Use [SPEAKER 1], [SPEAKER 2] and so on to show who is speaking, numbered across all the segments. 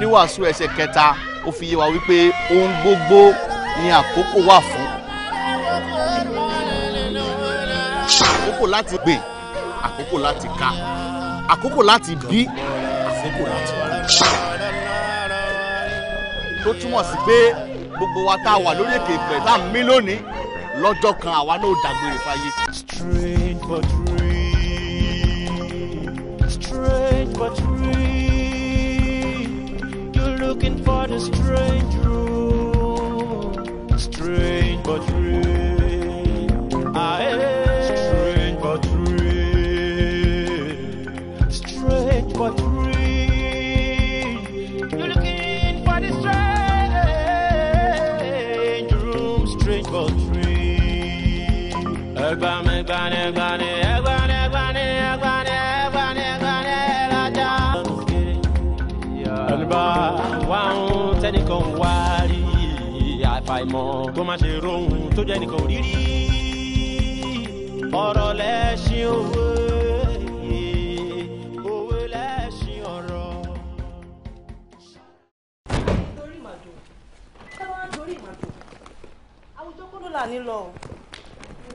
[SPEAKER 1] oníwàásù ẹsẹ̀ kẹta ó fi yé wa wípé ohun gbogbo ni àkókò wà fún àkókò láti gbìn àkókò láti ká àkókò láti bí àkókò láti wà tó túmọ̀ sí pé gbogbo wa tá a wà lórí èkè ìpẹ́ tá a mí lónìí lọ́jọ́ kan àwa náà dágbére fáyé. strange but real Straight but
[SPEAKER 2] real. looking for the strange room, strange but real. àìmọ̀ kó má ṣe rohun tó jẹ́ nìkan òrírí ọ̀rọ̀ lẹ́ṣin òwe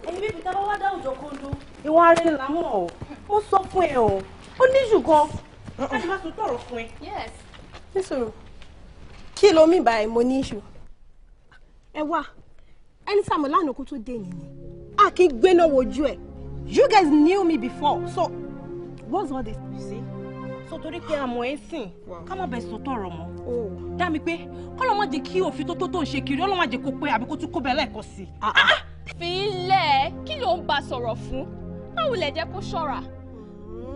[SPEAKER 3] ẹyin bíbi tá a bá wá dá àwùjọ kó ìwọ ara ẹni là ọ mo sọ fún ẹ o ó níjù gan ká ní tún tọrọ fún ẹ. yes. nísòro kí ló mí báyìí mo ní ìṣù ẹ wá ẹni sàmọ lánàá kó tó dé nìyẹn a kì í gbé náà wojú ẹ you guys knew me before so what's all this you see so torí pé àmọ́ ẹ sìn ká má bẹ sòtọ ọ̀rọ̀ mọ́ oh. dá mi pé kọlọmọ jẹ kí òfin tó tó tó ń ṣe kiri ọlọmọ jẹ kó pé àbí kó tún kó bẹ lẹ́ẹ̀kan sí i. Ah, ah. Ah,
[SPEAKER 4] fi ilẹ̀ kí ló ń bá sọ̀rọ̀ fún báwo lẹ̀ kó ṣọ́ra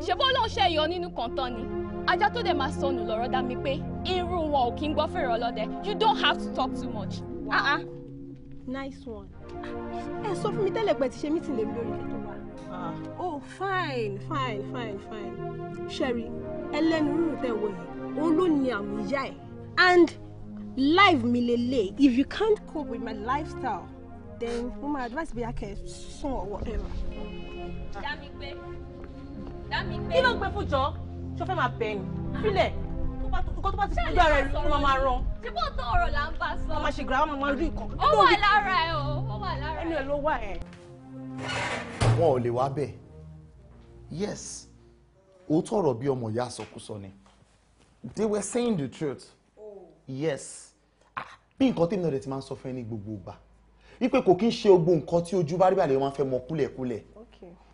[SPEAKER 4] ṣebó ló ń ṣe ẹ̀yọ́ nínú ni ajá tó dẹ̀ máa sọnù lọ́rọ̀ dá mi pé irú wọn ò kí ń gbọ́ fèrè ọlọ́dẹ you don't have to talk too much wow ah, ah.
[SPEAKER 3] nice one ẹ sọ fún mi tẹ́lẹ̀ pé ti ṣe mítìn lèmi lórí kẹtọ wa ah. oh fine fine fine fine sherry ẹlẹ́nu rírun tẹ̀ wọ̀ yìí òun ló ní àmì ìyá ẹ̀ and life mi lele if you can't cope with my lifestyle then mo ma advice bóyá kẹ́ sùn or whatever.
[SPEAKER 4] dá mi pé dá mi pé. kí ló ń pẹ́ fún jọ ṣó máa bẹ̀
[SPEAKER 3] ni fílẹ̀
[SPEAKER 4] nǹkan tó bá ti sí ojú ara rẹ ló máa ràn. ṣé bó tó ọ̀rọ̀ là ń bá sọ. a máa ṣe
[SPEAKER 3] gírámà
[SPEAKER 5] máa rí nǹkan.
[SPEAKER 4] ó wà lára ẹ o ó wà lára ẹ. ẹnu ẹ ló wà ẹ.
[SPEAKER 1] wọn ò lè wá bẹ́ẹ̀ yes òótọ́ ọ̀rọ̀ bí ọmọ ìyá àsọkúsọ ni they were saying the truth yes ah, bí nǹkan tí ìnáwó rẹ ti máa ń sọ fún ẹ ní gbogbo ìgbà wípé kò kí ń ṣe gbogbo nǹkan tí ojú bá rí wọn fẹ́ mọ kúlẹ̀kúlẹ̀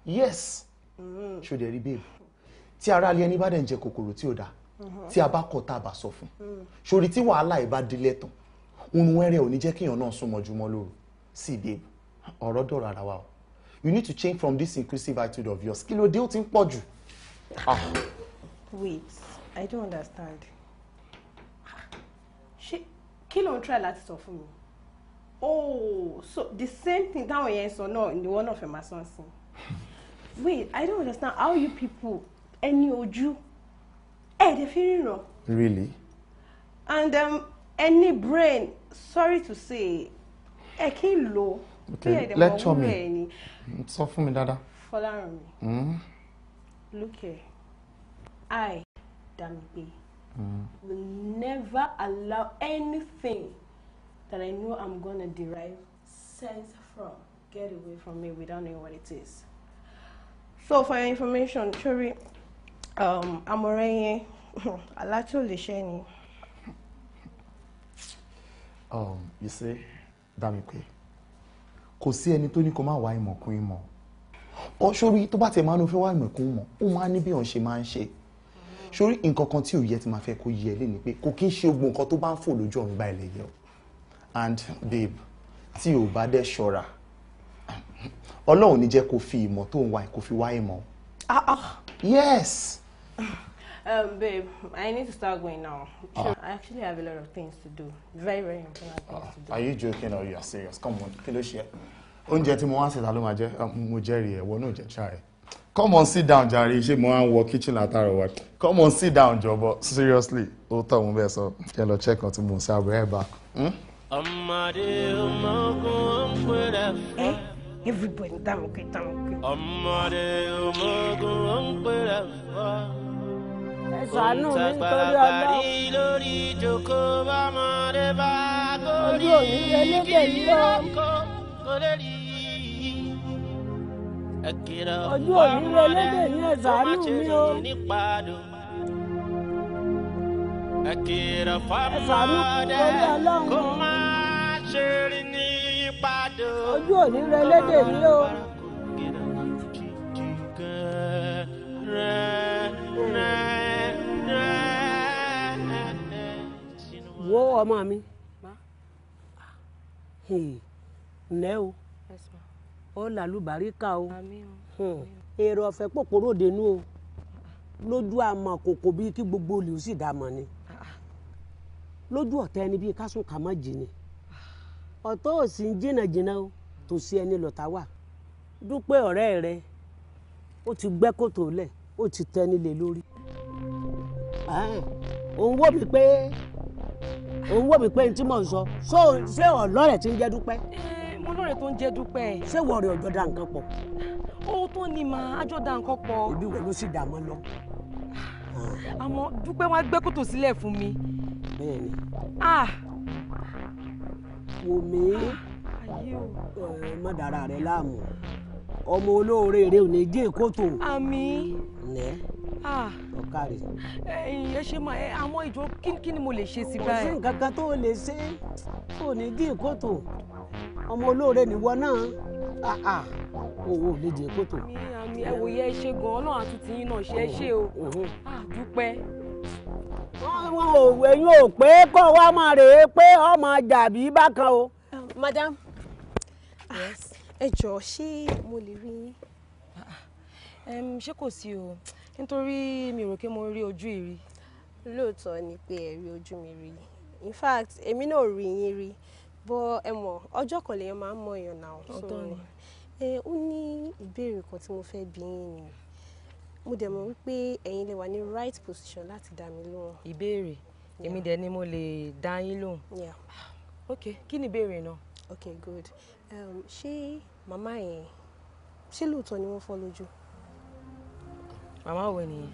[SPEAKER 1] yes mm-hmm. ṣòdẹ̀rí babe tí aráalé ẹni bá dẹ̀ ń jẹ kòkòrò tí ò dáa Mm-hmm. tí a bá kọ̀ tá a bá sọ fún sórí tí wàhálà ìbá délé tán oorun wẹ́rẹ́ ò ní jẹ́ kíyàn náà sún mọ́júmọ́ lóru sí babe ọ̀rọ̀ dọ̀rọ̀ ara wa o you need to change from this inclusive attitude of yours kí ló dé ó ti ń pọ̀ jù. Ah.
[SPEAKER 3] wait i don't understand ṣé kí ló ń try láti sọ fún mi oh so the same thing táwọn yẹn sọ náà ni wọn náà fẹ́ máa sọ sí wait i don't understand how you people ẹni ojú ẹ dẹ̀ fi ríran. really. and um, any brain sorry to say ẹ kì í lò ó bí me. dẹ̀ mọ̀ wúlò ẹ ni.
[SPEAKER 1] sọ fún mi dáadáa. Fọlárànmí. Hmm?
[SPEAKER 3] look here i Damigbe mm. will never allow anything that i know i'm gonna derive sense from get away from me without knowing what it is. so for your information Chori. Um, Amọ̀rẹ́yìn aláti ò lè ṣẹ́ ni.
[SPEAKER 6] Um,
[SPEAKER 1] you see Dámipé kò sí ẹni tó ní kó má wá ìmọ̀ kún ìmọ̀ ọ sórí tó bá tẹ máa ń fẹ́ wá ìmọ̀ kún ìmọ̀ ó máa ní bí òun ṣe máa ń ṣe sórí nǹkan kan tí ò yẹ ti máa fẹ́ kó yẹ lé ni pé kò kí ń ṣe gbogbo nǹkan tó bá ń fò lójú ọ̀run gba ilẹ̀ yẹ o and babe tí ò bá dẹ̀ ṣọ́ra ọlọ́run ní jẹ́ kó fi ìmọ̀ tó ń wá kó fi wá ìmọ̀. Ah, ah. yes.
[SPEAKER 3] Um, babe, I need to start going now. Ah. Sure. I actually have a lot of things to do. Very, very important things uh, to do. Are
[SPEAKER 1] you joking or you are serious? Come on, kí ló ṣe? Oúnjẹ tí mo wá ṣe ta ló máa jẹ? Ah, mo jẹ́rìí ẹ̀wọ̀ náà jẹ́ ṣáà Come on, sit down, jàre. Ṣé mo máa ń wọ kitchen látàrọ̀ wa? Come on, sit down, jọ̀bọ̀. Seriously, ó tọ̀ mú bẹ́ẹ̀ sọ. Kẹ́ lọ check on tí mo ń ṣe ẹ̀ bá.
[SPEAKER 3] Ọmọdé ọmọkùnrin ń pèrè fún. Eh? Everybody, dáhùn kí dáhùn
[SPEAKER 2] kí. Ọmọdé ọmọkùnrin ń pèrè fún ẹ̀sánú mi torí ọlọ́run. ìjòkó bá mọ̀ọ́dé bá gorí kí lóko kó ojú òní relédè ní ẹ̀sánú mi o. ẹ̀kìrọ̀ fọ́mọdé kó má ṣe rí ní ìpàdé. ojú òní relédè ní o.
[SPEAKER 5] Nah, wo ọmọ mi ǹlẹ́ hmm. o ó làlùbáríkà o hmm. èrò ọ̀fẹ́ pòpòrò dénú o lójú àmọ́ kòkò bíi kí gbogbo olè ó sì dá mọ́ ni lójú ọ̀tá ẹni bíi kásùn kà má jìnnì ọ̀tọ̀ ò sì ń jìnnà jìnnà o tó sí ẹni lọ́tà wà dúpẹ́ ọ̀rẹ́ rẹ ó ti gbẹ́ kòtò lẹ̀ ó ti tẹni lé lórí ah. òun wò mí pé òun wò mí pé n tí mò ń sọ ṣé ọlọ́rẹ̀ tí ń jẹ́ dúpẹ́. Eh, mo lóore tó ń jẹ́ dúpẹ́. ṣé wọ́n rẹ̀ ọjọ́ da nǹkan pọ̀. ohun tó ní ma ajọ́ da nǹkan pọ̀. ibi wo ló sì dà mọ́ lọ. àmọ́ dúpẹ́ wá gbé kòtò sílẹ̀ fún mi. bẹ́ẹ̀ni. Ah! wò mí ah, eh, má dara rẹ láàmú ọmọ olóore rẹ ò ní jẹ́ kòtò. àmín. nẹ́ẹ̀ ọ̀kàrẹ̀. Ah. ẹ ṣe mọ àwọn ìjọ kí ni mo lè ṣe sí báyìí. kò sí nǹkan kan tó o lè ṣe tó o ní dín kòtò ọmọ olóore nìwọ náà ah, ah. owó lè jẹ kòtò.
[SPEAKER 4] àmì ẹ̀wò yẹ ṣe gan ọlọ́run àtúntì yín náà ṣe é ṣe o àdúpẹ́.
[SPEAKER 5] wọn ò ẹ̀yin ò pé kó wa máa rè é pé ọmọ jàbí bákan o. Um, madam ẹ jọ̀ọ́ ṣé
[SPEAKER 3] mo lè rí yín. ṣé kò sí o nítorí mi ò rò pé mo rí ojú ìrí. lóòótọ́ ni pé ẹ rí ojú mi rí in fact èmi náà rí yín rí bọ́ ẹ mọ̀ ọjọ́ kan lèèyàn máa ń mọ èèyàn náà. ọ̀tọ̀ ni ẹ ó ní ìbéèrè kan tí mo fẹ́ bi yín ni mo dẹ̀ mọ̀ wípé ẹ̀yin lè wà ní right position láti dá mi lóhùn. ìbéèrè èmi dẹ̀ ni mo lè dá yín lóhùn. ok kí ni ìbéèrè náà. ok good ṣé màmá yẹn ṣé lóòótọ́ ni wọ́n fọ́ lójú màmá òwe nìyẹn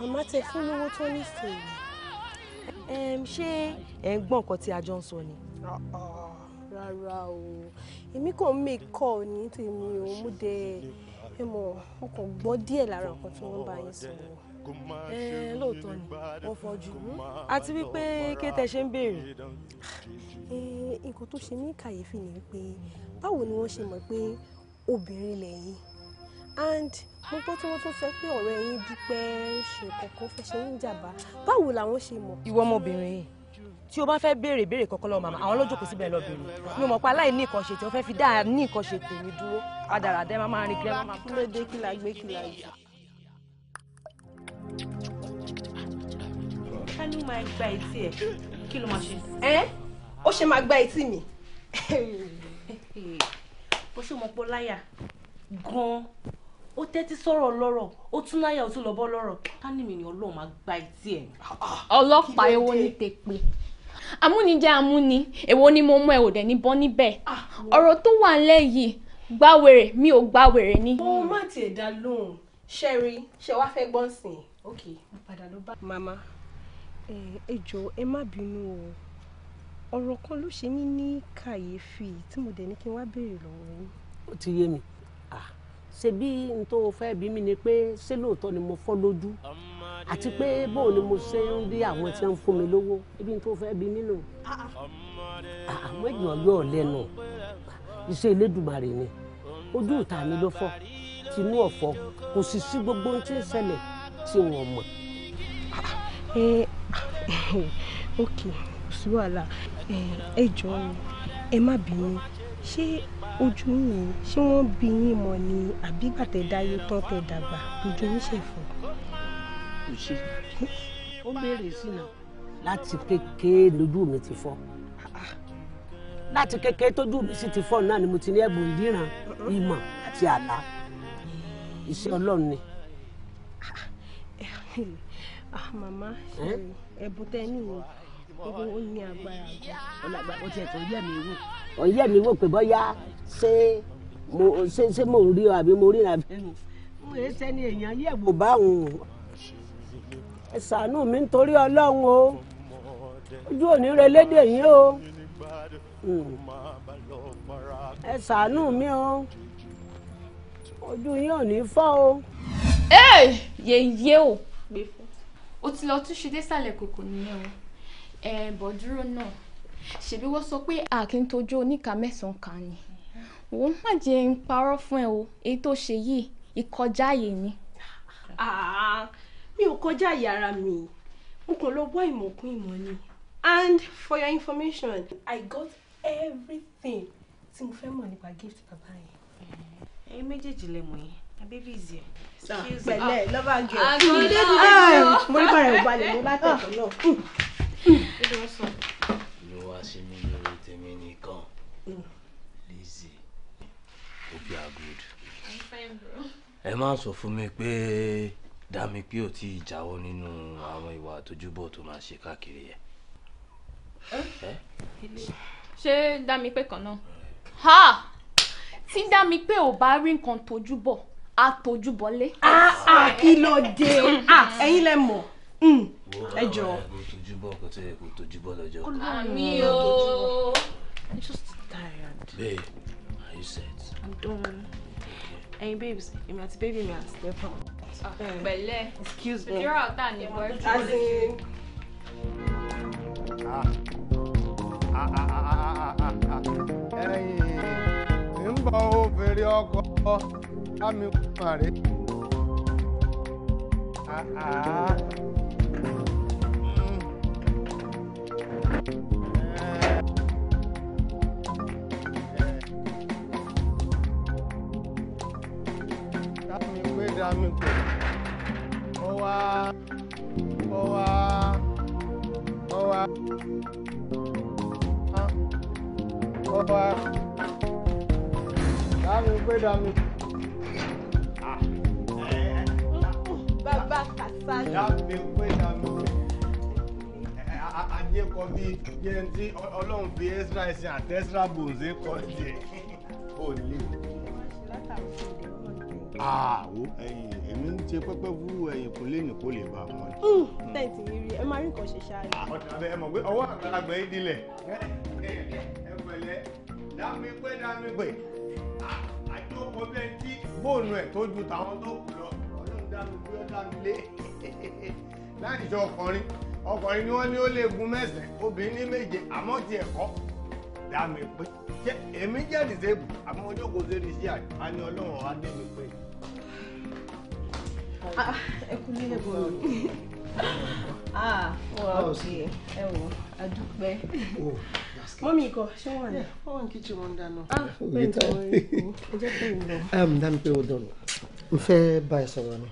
[SPEAKER 3] màmá tẹ fún lówó tó nífẹ̀ẹ́ ṣé ẹ̀ ń gbọ́n nǹkan tí a jọ ń sọ ni. Uh-uh. rárá o èmi kò make call ní tèmi o mo dé ẹ mọ̀ mo kàn gbọ́ díẹ̀ lára nǹkan tí wọ́n bá yín
[SPEAKER 1] sọ
[SPEAKER 6] lóòótọ́ ni wọ́n fọ́jú àti wípé kété ṣe ń béèrè.
[SPEAKER 3] nǹkan tó ṣe mí kàyéfì ni wípé báwo ni wọ́n ṣe mọ̀ pé obìnrin lẹ́yìn and mo gbọ́ tí wọ́n tún sọ pé ọ̀rẹ́ yín dúpẹ́ ń ṣe kọ̀ọ̀kan fẹ́ ṣe ń jàbá báwo làwọn ṣe mọ̀. ìwọ ọmọbìnrin yìí tí o bá fẹ́ béèrè béèrè kọ́kọ́ lọ́wọ́ màmá àwọn lójókòó síbẹ̀ lọ béèrè mi ò mọ̀ pé aláìní nǹkan ṣètò o fẹ́ fi dáa ní nǹkan ṣètò mi dúró adàràdà ẹ máa máa rìn kí ẹ máa máa. kílódé kí gbé kí la kánú máa gba etí ẹ kí ló máa ṣe. ẹ ó ṣe máa gba etí mi. bó ṣe mọ̀ pé láyà gan-an ó tẹ́tí sọ̀rọ̀ lọ́rọ̀ ó tún láyà ó tún lọ́bọ́ lọ́rọ̀ ká ní mi ni ọlọ́run máa gba etí ẹ̀.
[SPEAKER 4] ọlọ́pàá èwo ni tèpè amúnijẹ́ amúni èwo ni mo mọ ẹ ò dẹ̀ ní bọ́ níbẹ̀ ah, ọ̀rọ̀ tó wà ńlẹ̀ yìí mi ò gbàwèrè ni. mo má
[SPEAKER 3] tiẹ̀ dá lóhùn ṣẹ́rí ṣe wá fẹ́ gbọ́n sìn ok padà ló bá. mama ẹ jọ ẹ má bínú o ọ̀rọ̀ kan ló ṣe mí ní kàyéfì tí mo dẹ̀ ní kí n wá béèrè lọ́wọ́ yín.
[SPEAKER 5] ó ti yé mi ṣebí n tó fẹ́ bí mi ni pé ṣé lóòótọ́ ni mo fọ́ lójú àti pé bóun ni mo ṣe ń rí àwọn tí wọ́n fún mi lówó ibi n tó fẹ́ bí mi nù àwọn èèyàn yóò lẹ́nu iṣẹ́ Elédùmarè ni ojú ìta mi ló fọ́ tinú ọ̀fọ́ kò sì sí gbogbo ohun tí ń ṣẹlẹ̀ tí wọ́n mọ̀. ẹ ẹ ok kò sí wàhálà
[SPEAKER 3] ẹ jọ̀ọ́ ẹ má bínú ṣé ojú yìí ṣé wọ́n bí yín mọ̀ ni àbígbà tẹ dáyé tán tẹ dàgbà lójú yín ṣẹ̀fọ́.
[SPEAKER 5] kò ṣe ó béèrè sí náà láti kékeré lójú mi ti fọ́ láti kékeré tójú mi sì ti fọ́ náà ni mo ti ní ẹ̀bùn ìríran ìmọ̀ àti àlá iṣẹ́ ọlọ́run ni.
[SPEAKER 3] Ah, màmá ẹ̀bùn tẹ́ nìyẹn ó ní agbára
[SPEAKER 5] ọlọgbà ó tiẹ̀ tó yẹ̀ mí wò. ó yẹ̀ mí wò pé bọ́yá ṣé mo ṣé ṣé mo rí o àbí mo rí ìrìn àbí mo rè sẹ́ni èèyàn yẹ̀ wò báwọn o ẹ ṣàánú mi nítorí ọlọ́run o ojú òní rẹ lédè yín o ẹ ṣàánú mi o ojú yín ò ní fọ́ o. ẹ yẹ iye o
[SPEAKER 4] gbé ti lọ túnṣe désàlẹ̀ kòkò nìyẹn o ẹ bọ̀ dúró náà ṣèbí wọ́n sọ pé a kì í mẹ́sàn-án kan ni wọ́n má jẹ́ ń parọ́ fún ẹ o èyí tó ṣe yìí ìkọjá àyè ni. Ah, mi ò kọjá àyè ara mi n kò lọ wá ìmọ̀ ìmọ̀ ni and for your information
[SPEAKER 3] I got everything tí mo fẹ́ mọ̀ nípa gift bàbá yẹn. ẹyin méjèèjì lè mọ̀ yín abébí ìzì ẹ̀. pẹ̀lẹ́ lọ́ba gẹ̀ẹ́ ah, ah, mo ní bàrẹ̀ ò balẹ̀ mo bá tẹ̀sán
[SPEAKER 5] náà ló
[SPEAKER 7] wá sí mi lórí tèmi nìkan Lizzy obi agud ẹ má sọ fún mi pé dami pé ò tí ì jáwọ́ nínú àwọn ìwà àtọjúbọ tó máa ṣe káàkiri yẹ.
[SPEAKER 4] ṣé dami pé kan náà ha tí dami pé ò bá rí nǹkan tójú bọ̀ á tójú bọlé. a ah, ah, kí dé ah,
[SPEAKER 3] ẹ̀yin lẹ
[SPEAKER 5] mọ̀.
[SPEAKER 7] Mm. ẹ jọ. mo tójú bọ́ kó tó yẹ kó tójú lọ́jọ́ kan. àmì mm. o. I'm just tired. babe
[SPEAKER 3] are you set. I'm done. ẹyin babes èmi àti baby mi àti stefan. Ah, eh, pẹ̀lẹ́ excuse me. ìjọra
[SPEAKER 4] ọ̀tá ni boyfriend. as in.
[SPEAKER 1] ah ah ah ah ah ah, ah, ah. ẹyin bọ̀ obìnrin ọkọ Bàbá Kàsáyé jẹ́ kọ bí jẹ́ tí ọlọ́run fi extra ẹsẹ̀ àti extra bones kọ jẹ́ ó lè. àwo ẹyin èmi ń ṣe pẹ́pẹ́ fún ẹyin kò lè ní kó lè bá wọn.
[SPEAKER 3] Hmm, tẹ́ǹtì yìí rí ẹ máa rí nǹkan ṣe ṣáájú.
[SPEAKER 1] Ah, ọ̀dà ẹ mọ̀ pé ọwọ́ àgbàlagbà yìí dilẹ̀ ẹ pẹ̀lẹ́ dámi pé dámi pé ah, àjọpọ̀ bẹ́ẹ̀ tí bóònù ẹ̀ tó ju tàwọn tó kù lọ ọlọ́run dámi pé ó dámi lé. láti jọ ọkùnrin ọkùnrin ni wọ́n ní ó lè gun mẹ́sàn-án obìnrin ní méje àmọ́ ti ẹ̀kọ́ dá mi pé ṣé èmi jẹ́ dìsébù àmọ́ ojókòó sórí iṣẹ́ àná ni ọlọ́run á dé mi pé.
[SPEAKER 3] Ah, ah, ẹ kú ní ẹ̀bùn mi wọ́n ọ̀kì ẹ wọ adúpẹ́ oh, mọ́mí ikọ̀ ṣé wọ́n ní. wọ́n wọ́n kí tí wọ́n dáná. ah pé nǹkan orí kù ẹ jẹ́ pé ìlọ.
[SPEAKER 1] Um, pé ó dọ̀nù n fẹ́ bá sọ̀rọ̀ ni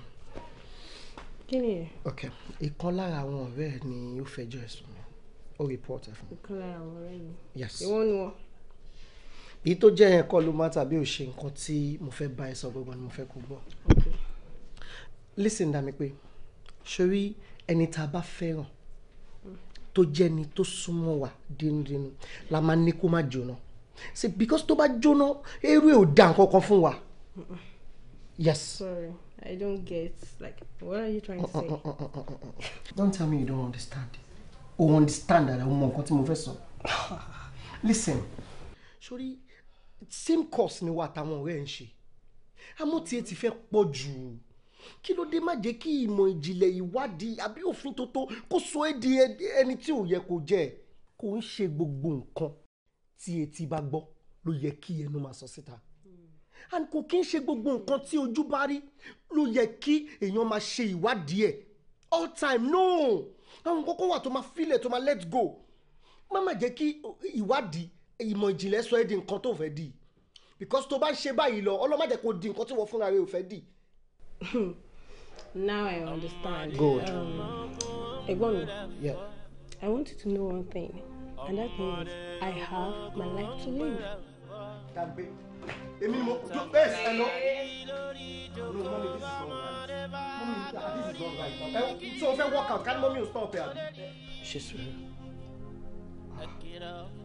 [SPEAKER 1] kí ni yẹn. ok ìkan lára àwọn ọ̀rẹ́ ẹ̀ ni ó fẹjọ́ ẹ̀sùn mi ó report ẹ̀ fún mi.
[SPEAKER 3] ìkan lára àwọn ọ̀rẹ́
[SPEAKER 6] mi. yes ìwọ ni
[SPEAKER 1] wọn. èyí tó jẹ́ yẹn kọ́ ló má tàbí ò ṣe nǹkan tí mo fẹ́ bá ẹ sọ gbọ́gbọ́n ni mo fẹ́ kó gbọ́. ok listen dami pé sori ẹni tá a bá fẹ́ràn tó jẹ́ ni tó súnmọ́ wa dénúdénú
[SPEAKER 8] la máa ní kó má jóná sí because tó bá jóná eré ò dá nǹkan kan fún wa.
[SPEAKER 1] yes.
[SPEAKER 3] Sorry I don't get. Like, what are you trying to
[SPEAKER 1] say? Don't tell me you don't understand. Oh, understand that ọmọ nǹkan tí mo fẹ́ Listen. Sori, same course ni wa àtàwọn ọ̀rẹ́ ń ṣe. Àmọ́ tiẹ̀ ti fẹ́ pọ̀ jù. Kí ló dé má jẹ́ kí ìmọ̀ ìjìnlẹ̀ ìwádìí àbí òfin tó tó di ẹni tí ò yẹ kó jẹ́ kó ń ṣe gbogbo nǹkan tí etí bá gbọ́ ló yẹ kí ẹnu máa sọ síta and kò kí ń ṣe gbogbo nǹkan tí ojú bá rí ló yẹ kí èèyàn máa ṣe ìwádìí ẹ̀ all time no àwọn kókó wà tó máa filẹ̀ tó máa let go má má jẹ́ kí ìwádìí ìmọ̀ ìjìnlẹ̀ sọ ẹ́ di nǹkan tó fẹ́ di because tó bá ń ṣe báyìí lọ ọlọ́mọdé kò di nǹkan tí wọ́n fúnra rẹ̀ ò fẹ́ di.
[SPEAKER 3] now I understand. good. Um, ẹ̀gbọ́n um, mi yeah. I want you to know one thing
[SPEAKER 1] and that means
[SPEAKER 3] I have my life to
[SPEAKER 1] live èmi mo do bẹ́ẹ̀ sẹ́ lọ. no mọ́mi this is not right mọ́mi this is not right ẹ so fẹ́ work out káni mọ́mi o stop ẹ àbí.
[SPEAKER 2] ṣe sùúrù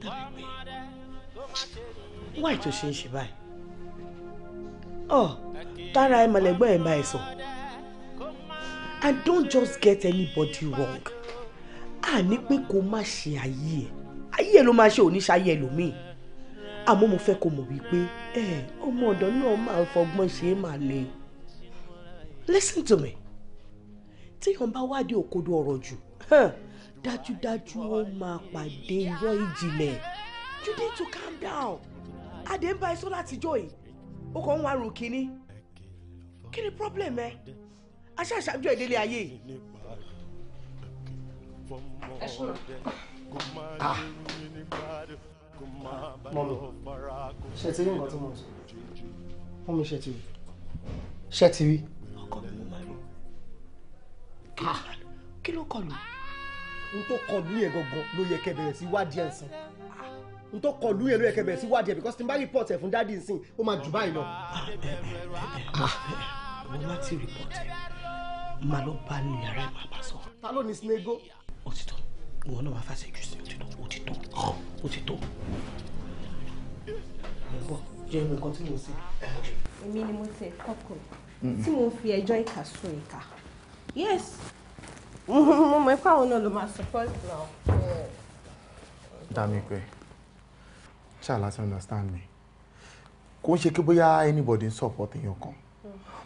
[SPEAKER 8] tàbí pé wáyé tó ṣe ń ṣe báyìí ọ oh, tára ẹ mọ̀lẹ́gbọ́n ẹ̀ bá sọ and don't just get anybody wrong àní pé kó má ṣe ayé ẹ ayé ẹ ló máa ṣe òní ṣayé ẹlòmíì àmọ́ mo fẹ́ kó mọ̀ wípé ẹ ọmọ ọ̀dọ́ náà máa ń fọgbọ́n ṣe é máa le listen to me téèyàn bá wádìí òkodo ọ̀rọ̀ jù dájúdájú ó máa pàdé irọ́ ìjìnlẹ̀ you need to calm down adé ń bá ẹ sọ látijọ́ yìí ó kàn ń wá rò kínní kí ni problem ẹ aṣáṣáájú ẹ délé ayé yìí.
[SPEAKER 2] ẹ ṣọ́ra. Ah mọ̀mí ṣe ti rí nǹkan tí mo
[SPEAKER 1] sọ fún mi ṣe ti rí ṣe ti rí.
[SPEAKER 6] ọkọ mi ló máa ń
[SPEAKER 1] lò kí ló kọ lù. n tó kọ lù yẹn gangan ló yẹ kẹ́ bẹ̀rẹ̀ sí wádìí ẹ̀ n tó kọ lù yẹn ló kẹ́ bẹ̀rẹ̀ sí wádìí ẹ̀ because tí n bá report ẹ̀ fún dáàdi nsìn ó máa jù báyìí lọ. mo máa ti report ẹ̀ máa lọ bá ní yàrá ẹ̀ máa ta ló ní sinego. òtítọ́
[SPEAKER 8] ìwọ náà máa fàṣẹ jù sí òtítọ́ òtítọ́ ó ti tó bọ jẹ ìwé nǹkan tí mo ṣe.
[SPEAKER 3] èmi ni mo ti ẹ̀kọ́ tí mo fi ẹjọ́ ìkà sùn ìkà yes mo mọ̀ pé àwọn náà ló máa support now.
[SPEAKER 1] dami pe ṣáà láti understand me kò ń ṣe kí bóyá anybody ń support èèyàn kan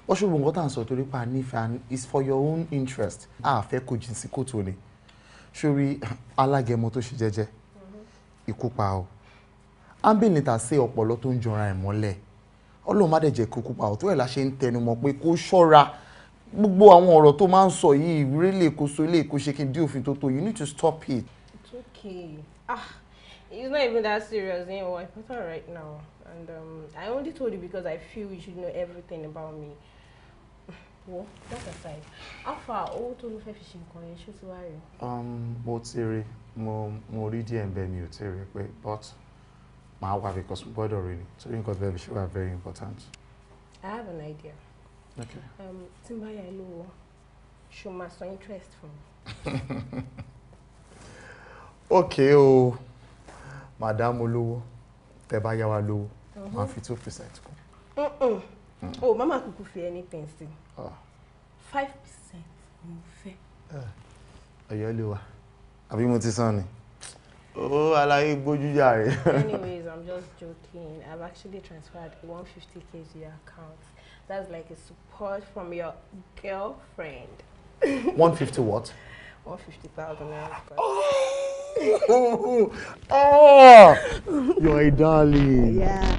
[SPEAKER 1] wọ́n ṣùgbọ́n nǹkan tá à ń sọ torí pa nífẹ̀ẹ́ is for your own interest àfẹ́ kò jìn sí kòtò ni sórí alágẹmọ tó ṣe jẹ́jẹ́ ikú pa o ambulance ta ṣe ọpọlọ tó ń jọra ẹ̀ mọ́lẹ̀ ọlọ́run má dẹ̀ jẹ́ kó kú pa o la ṣe ń tẹnumọ́ pé kó ṣọ́ra gbogbo àwọn ọ̀rọ̀ tó máa ń sọ yìí ìwúrí lè kó so lè kó ṣe kí n dí òfin tó tó you need to stop it.
[SPEAKER 3] it's okay ah it's not even that serious eh my i put right now and um, i only told you because i feel you should know everything about me Well, that aside how far owó tó ló fẹ́ fi ṣe nǹkan yẹn ṣó ti wá rí.
[SPEAKER 1] Um, mo ti rí i mo mo rí díẹ̀ ń bẹ mi ò tí rí pé but màá wà because mo gbọ́dọ̀ rí ni torí nǹkan bẹ́ẹ̀ mi ṣe wà very important.
[SPEAKER 3] I have an idea. Okay. Um, tí n bá yà ló wọ, ṣo máa san interest
[SPEAKER 6] fún mi?
[SPEAKER 1] Okay o, madam olówó, tẹ bá yá wa lówó, màá mhm. fi two percent kún.
[SPEAKER 3] O mama kuku fi anything sí. Five percent mo fẹ́. Eh,
[SPEAKER 1] ọ̀yọ́ ló wà àbí mo ti sàn ni. Oh, àlàyé gbójújà rẹ.
[SPEAKER 3] Anyways, I'm just joking. I've actually transferred 150k to your account. That's like a support from your girlfriend.
[SPEAKER 1] 150 what?
[SPEAKER 3] 150,000 naira.
[SPEAKER 1] Oh!
[SPEAKER 6] oh! You're a darling. Yeah.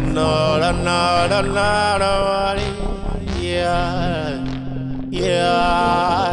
[SPEAKER 2] nora nora nora yeah yeah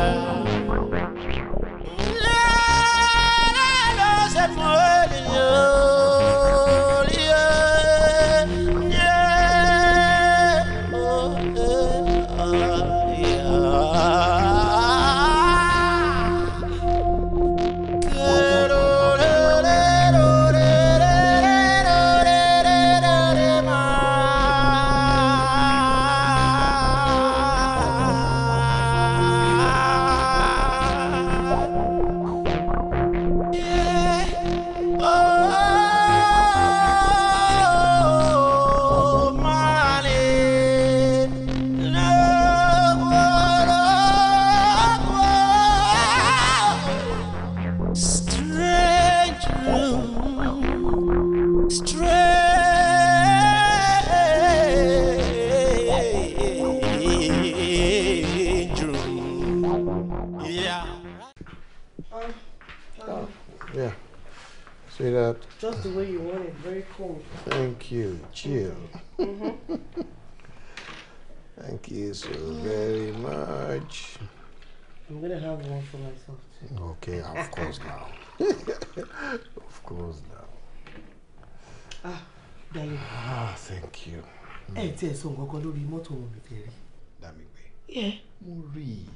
[SPEAKER 8] tiẹ̀ sọ nǹkan kan lórí mọ́tò wọn mi tẹ̀ rí.
[SPEAKER 1] dàmí
[SPEAKER 6] pé. mo rí i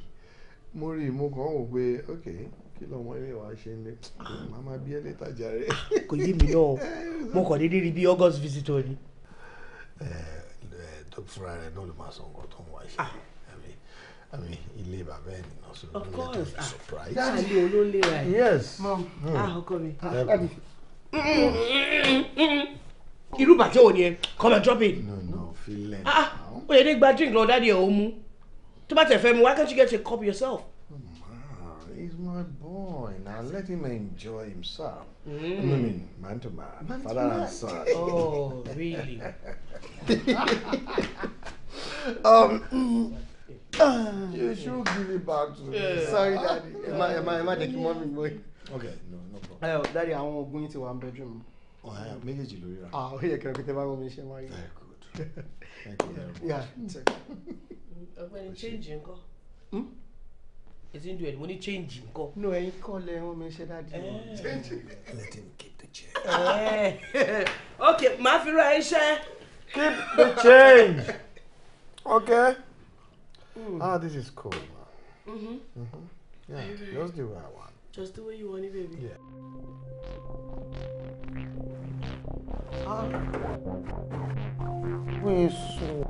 [SPEAKER 1] mo rí i mo kàn wò pé ok kí lọmọ ilé wa ṣe ń lé màmá bí ẹ létà jàre. kò yé mi náà mo kàn déédéé rí bí august
[SPEAKER 7] visitor ni. ẹ
[SPEAKER 1] ẹ dókítà rẹ náà ló máa sọ nǹkan tó ń wá ṣe àmì ah. ilé bàbá ẹ nìyẹn so of course ah. surprise. dáàbì olólè rà yìí. yes mom hmm. ah ọkọ mi.
[SPEAKER 8] irú bàtí òní ẹ come and drop it. no ah o ah, yẹ de gba drink lọ dáàdi ẹ̀ o mu tó bá tẹ̀ fẹ́ mu why can't you get a cup yourself. Mama,
[SPEAKER 6] he's my boy now
[SPEAKER 1] let him enjoy himself. Mm. I mean man to man, man father to and son. oh really.
[SPEAKER 6] um, mm, ah, you
[SPEAKER 1] should give it back to me. Yeah. sorry daddy ẹ má ẹ má ẹ má jẹ́ kí mọ́mí okay no no problem. Hey, eh, daddy àwọn oògùn to ti wà ní bedroom. ọ̀hún méjèèjì lórí ra. ah ó Can I ẹ the tẹ bá wọn Thank you very much. Yeah.
[SPEAKER 8] ọ̀gbẹ́ni change nǹkan. èsì ń du ẹni mo ní change nǹkan. no ẹ̀yin kọ́ lẹ wọn that. Eh. Change dáadé. let him keep the change. Eh. ok màá fi ra keep the change. okay.
[SPEAKER 2] Mm.
[SPEAKER 1] ah
[SPEAKER 6] this is cool. Man. Mm-hmm. Mm-hmm.
[SPEAKER 2] yeah
[SPEAKER 1] baby. just do what
[SPEAKER 6] I want.
[SPEAKER 2] just the way
[SPEAKER 3] you want it baby. Yeah.
[SPEAKER 6] Ah.
[SPEAKER 1] wí sùn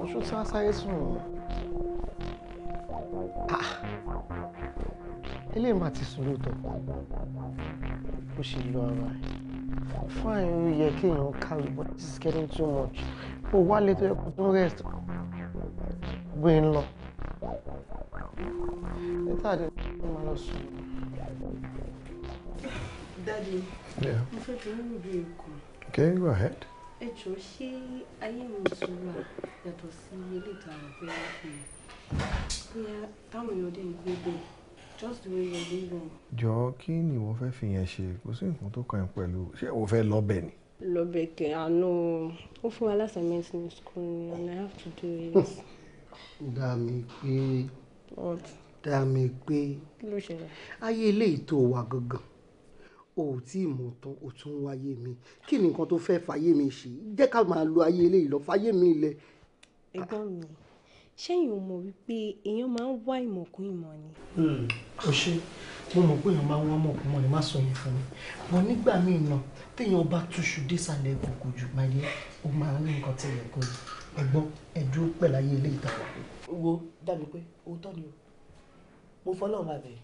[SPEAKER 1] oṣù tí wọ́n sáré sùn eléyìí máa ti sùn lóòótọ́ bó ṣe lọ ara ẹ̀ fáìn ó yẹ kéèyàn kárì but this is getting too much ó wá lè tó yẹ kó tún rest gbé ń e lọ níta àdé ló máa
[SPEAKER 7] Daddy, yeah. mo fẹ́ kí n rúbi
[SPEAKER 1] Okay, go ahead
[SPEAKER 3] ẹ jọ ṣé ayé mi ìṣòro yàtọ̀ sí ilé ìtara bẹ́ẹ̀ fún mi bóyá táwọn èèyàn dẹ̀ ń gbé bẹ́ẹ̀ just the way you're living.
[SPEAKER 1] jọ̀ọ́ kí ni ìwọ fẹ́ fi yẹn ṣe kò sí nǹkan tó kàn yín pẹ̀lú ṣé ìwọ fẹ́ lọ́bẹ̀ ni.
[SPEAKER 3] lọ́bẹ̀ kẹ́ àánú ó fún wa lásàmẹ́sì ní school ni and I have to do it.
[SPEAKER 1] Hmm. dá mi pé dá mi pé ayé ilé ìtò wa gangan o ò tí ì mọ̀ tán o tún ń wáyé mi kí ni nǹkan tó fẹ́ fàyè mi ṣe jẹ́ ká máa lo ayé eléyìí lọ fàyè mi lẹ. ẹ̀gbọ́n mi
[SPEAKER 3] ṣẹ́yìn ò mọ̀ wípé èèyàn máa ń wá ìmọ̀kún ìmọ̀ ni.
[SPEAKER 1] ó hmm, ṣe
[SPEAKER 8] mo mọ̀ pé èèyàn máa ń wá ìmọ̀kún ìmọ̀ ni má sọ yẹn fún mi bọ̀ nígbà míì náà téèyàn bá túṣu
[SPEAKER 1] désàlẹ̀ kòkò jù máa yẹ ó máa ń rí nǹkan tí èèyàn kò yẹ ẹ̀gbọ́n ẹ̀dúró pẹ̀lú ayé ilé ìtàwá.
[SPEAKER 8] wo dàbí pé òótọ́ ni o mo fọlọ́run bàbẹ̀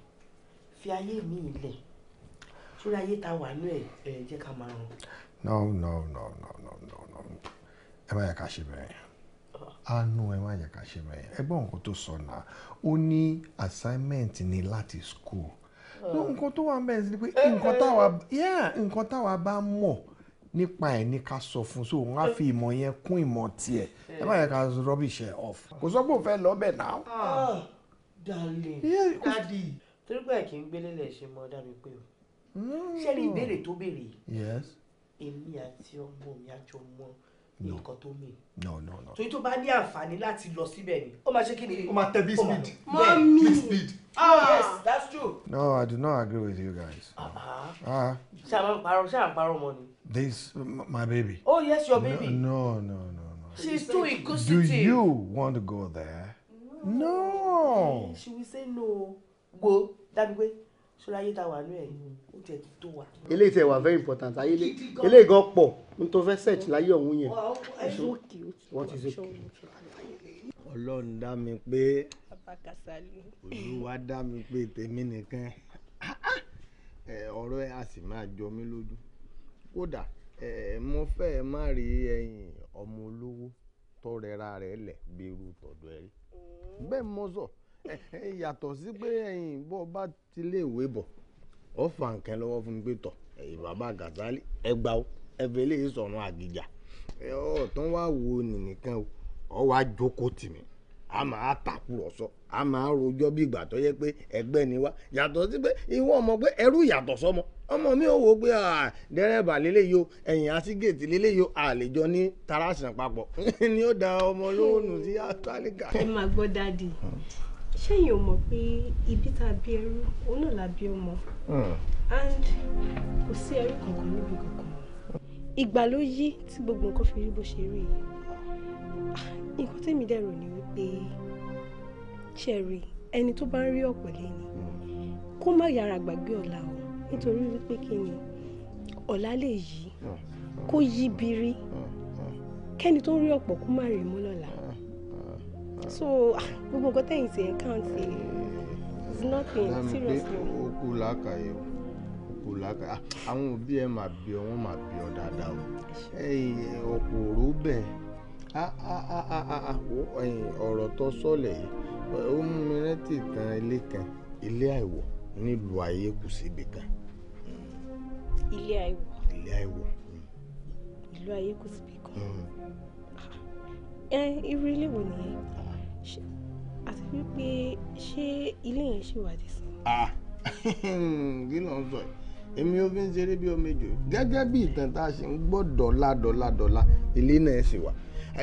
[SPEAKER 8] fi ayé mi ilẹ̀ sórí ká máa
[SPEAKER 1] no no no no no no no ẹ má yẹ ká ṣe àánú ẹ má yẹ ká ṣe bẹ́ẹ̀ ẹ nǹkan tó sọ náà ó ní assignment ni láti school nǹkan tó wà bẹ́ẹ̀ ni pé nǹkan táwa bá mọ̀ nípa ẹ̀ ní ká sọ fún so wọn á fi ìmọ̀ yẹn kún ìmọ̀ tiẹ̀ ẹ má yẹ ká rubbish ẹ̀ off kò sọ pé òun fẹ́ lọ́bẹ̀ náà.
[SPEAKER 8] Ah, darling daddy torí pé kì í gbélé lẹ̀ ṣe mọ́ pé o. ṣé rí ìbéèrè tó béèrè èmi àti ọmọ mi àjọ mọ nǹkan tó mì. torí tó bá ní àǹfààní láti lọ síbẹ̀ ni ó máa ṣe kí ni. ó máa tẹ speed. mọ́mí ah yes ah! that's true.
[SPEAKER 1] no i do not agree with you guys. Ah.
[SPEAKER 8] ṣé àwọn parọ́ ṣé àwọn parọ́ mọ́ ni.
[SPEAKER 1] this my baby. oh
[SPEAKER 8] yes your baby.
[SPEAKER 1] no no no. no,
[SPEAKER 8] no. is too inquisitive. do you
[SPEAKER 1] want to go there. no. no.
[SPEAKER 8] she will say no. go that way sọlá ayé ta wà ní ó tiẹ̀ ti tó wa.
[SPEAKER 1] eléyìí tẹ wà very important ayé eléyìí gan pọ̀ n tó fẹ́ search láyé ọ̀hún yẹn. wọ́n ti ṣe ọlọ́run dá mi pé olúwa dá mi pé tèmi nìkan ọ̀rọ̀ ẹ̀ a sì máa jọ mí lójú kódà mo fẹ́ má rí ẹ̀yin ọmọ olówó tó rẹra rẹ̀ lẹ̀ bí irú tọ̀dọ̀ ẹ̀ rí bẹ́ẹ̀ mọ́sọ̀. Eh, eh, yàtọ̀ sí pé ẹ̀yin bọ́ bá ti lé ìwé bọ̀ ọ fà nǹkan lọ́wọ́ fún mi pé tọ̀ ẹ̀yin bàbá Gàzálì ẹ gbà ó ẹ fẹ́ lè sọ̀rọ̀ àgìjà ọ̀tún wá wo nìkan o ọ wá jókòó tì mí a máa tàkùrọ̀sọ a máa rojọ́ bí ìgbà tó yẹ pé ẹgbẹ́ ni wá yàtọ̀ sí pé ìwọ ọmọ pé ẹrú yàtọ̀ sọmọ ọmọ mi ò wò pé dẹ́rẹ́bà lélẹ́yìí o ẹ̀yìn àtìgèètì lélẹ́yìí o àlejò ní tarásìn papọ̀ ni ó da ọmọ lóhùn sí àtàlíkà. ẹ
[SPEAKER 3] máa gbọ́ dáàdì ṣẹ́yìn ò mọ̀ pé ibi tá a bí ẹrú òun náà la bí ọmọ hmm. and kò sí ẹrú kankan níbi kankan ìgbà ló yí tí gbogbo nǹkan fi rí bó ṣe rí yìí nǹkan tèmi dẹ̀ rò wípé ṣe rí ẹni tó bá ń rí ọ̀pọ̀ lẹ́ni kó má yára gbàgbé ọ̀la o nítorí wípé kí ni ọ̀la lè yí hmm. kó yí biri hmm. kẹ́ni tó ń rí ọ̀pọ̀ kó má rí mú lọ́la so ah, gbogbo nǹkan tẹ̀yìn sí account. it's nothing seriously. o
[SPEAKER 1] kò làákàyè o kò làákàyè ah, àwọn òbí ẹ máa bí ọ wọn máa bí ọ dáadáa o ọ̀pọ̀ òró bẹ́ẹ̀ ah, ọ̀rọ̀ tó sọ̀lẹ̀ yìí ó mú mi rántí ìtàn ilé kan ilé àìwọ̀ nílùú ayé kù síbi kan.
[SPEAKER 3] Hmm, ilé àìwọ̀.
[SPEAKER 1] ilé àìwọ̀. Hmm,
[SPEAKER 5] ìlú
[SPEAKER 3] ayé kù síbi kan. Hmm. irú ilé wo nìyẹn àti wípé ṣé ilé yẹn ṣì wà dísìn.
[SPEAKER 1] kí ló ń sọ yìí èmi ò fi ń ṣeré bí ọmọ èjò gẹ́gẹ́ bí ìtàn tá a ṣe ń gbọ́ dọ́là dọ́là dọ́là ilé náà ṣì wà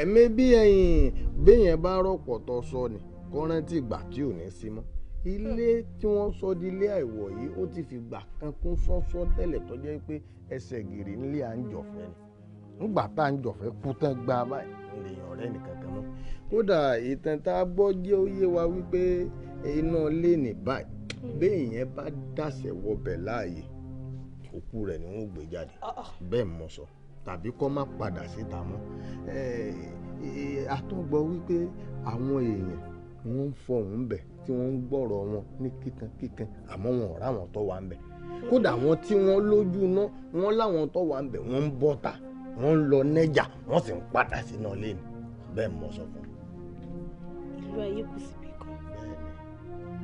[SPEAKER 1] ẹ̀mí bí ẹ̀yìn béèyàn bá rọ̀pọ̀ tó sọ ni kó rántí ìgbà tí ò ní sí mọ́ ilé tí wọ́n sọ di ilé àìwọ̀ yìí ó ti fìgbà kan kún sọ́sọ́ tẹ́lẹ̀ tó jẹ́ pé ẹsẹ̀ gìrì nílé à ń jọ̀fẹ́ ni nígbà tá à ń jọ̀fẹ́ kú tán gba báyìí lèèyàn ọ̀rẹ́ nìkan kan mọ́ kódà ìtàn tá a gbọ́ jẹ́ ó yé wa wípé iná lé ní báyìí mm. béèyàn yẹn bá dàsẹ̀ wọbẹ̀ láàyè òkú rẹ̀ ni wọ́n gbé jáde ah, ah. bẹ́ẹ̀ mọ̀ sọ tàbí kọ́ má padà síta mọ́ àtọ́gbọ́ wípé àwọn èèyàn wọ́n ń fọhùn bẹ̀ tí wọ́n ń gbọ́rọ̀ wọn ní kíkankíkan àmọ́ wọn ò ráwọn tó wà ń bẹ̀ kódà àwọn tí wọ́n lójú iná wọ́n láwọn tó wà ń bẹ̀ wọ́n ń bọ́ta wọ́n ń lọ nẹ́jà wọ́n sì ń padà sínú ilé ni bẹ́ẹ̀ mọ̀ sọ fún mi
[SPEAKER 3] ìlú ayé kù síbi kan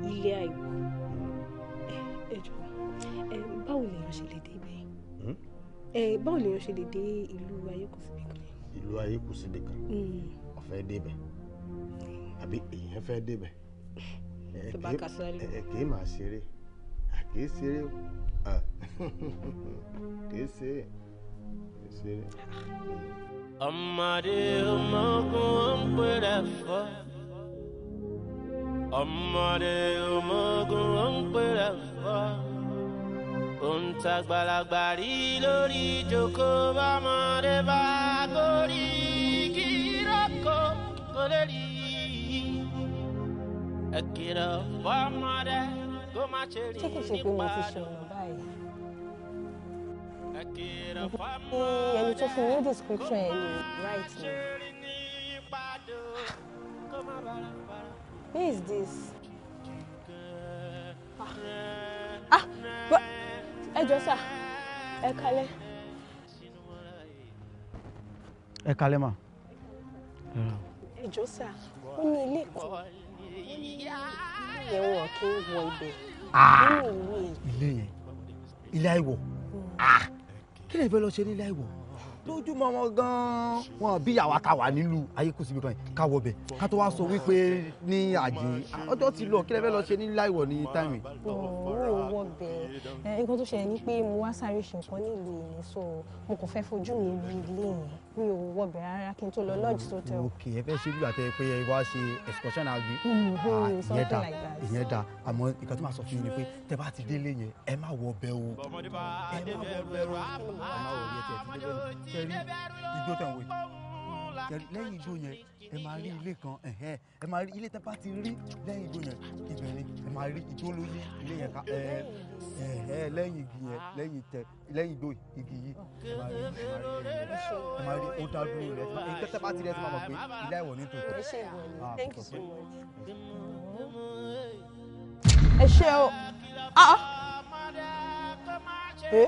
[SPEAKER 3] ilé àìkú ẹjọ báwo lèèyàn ṣe lè dé ibẹ̀ yẹn hmm? báwo lèèyàn ṣe lè dé ìlú ayé kù síbi kan.
[SPEAKER 1] ìlú ayé kù síbi kan hmm. ó débẹ̀ àbí èèyàn fẹ́ débẹ̀ kì í máa ṣeré kì í ṣeré kì í ṣeré kì ṣeré.
[SPEAKER 2] ọmọdé ọmọkùnrin ń pèrè fọ́ ọmọdé ọmọogun ó ń pèrè fọ́ òǹtàgbàlagbà rí lórí ìjókòó bọ́mọdé bá gòrí kí kò lè rí ẹ̀kìrọ̀ fọ́mọdé kó má ṣe rí nípa dùn. ẹ̀kìrọ̀ fọ́mọdé
[SPEAKER 3] tó fún ní description ẹ̀ ní right now. Who is this? Ah, ah, Ejosa, jọ sà, ẹ kalẹ̀. Ẹ kalẹ̀ mà. Ẹ jọ sà, ó ní ilé kan. ibẹ̀.
[SPEAKER 1] Ah. Ilé yẹn, ilé àìwọ̀.
[SPEAKER 6] Hmm.
[SPEAKER 1] Ah. Kí ni ẹ lọ ṣe ní ilé àìwọ̀? lójúmọ́ wọn gan-an wọn bí àwa ta wà nílùú ayé kù síbi kan yìí ká wọ bẹ̀ ká tó wá sọ wípé ní àjè ọjọ́ ti lọ kí lẹ fẹ́ lọ ṣe ní láìwọ̀ ní táìmì.
[SPEAKER 6] ọ̀rọ̀
[SPEAKER 3] wọ bẹ́ẹ̀ nǹkan tó ṣẹlẹ̀ ni pé mo wá sáré ṣe nǹkan nílùú yìí so mo kàn fẹ́ fojú mi rí ilé yẹn mi ò wọbẹ̀ rárá kí n tó lọ lodge tó tẹ̀
[SPEAKER 1] ok ẹ fẹ́ ṣe bí àtẹ pé ẹ wá ṣe excursion àbí. ìyẹn da ìyẹn da àmọ́ nǹkan tó máa sọ fún mi ni pé tẹ bá ti délé yẹn ẹ má wọ bẹ o ẹ má wọ bẹ o ẹ má
[SPEAKER 2] wọ bẹ o ẹ má wọ bẹ o lẹ́yìn
[SPEAKER 1] igbó yẹn ẹ máa rí ilé kan ẹ máa rí ilé tẹ́pá ti rí lẹ́yìn igbó yẹn ibẹ̀ ẹ máa rí igbó ló ilé yẹn ká ẹ lẹ́yìn igi yẹn lẹ́yìn tẹ lẹ́yìn igbó igi yìí ẹ máa rí ẹ máa rí ó dá dúró rẹ ẹ tẹ́pá ti rẹ ti máa mọ̀ pé ilé ẹ̀wọ̀n ní tòótọ́.
[SPEAKER 3] ẹ ṣe o ah,
[SPEAKER 2] ẹ.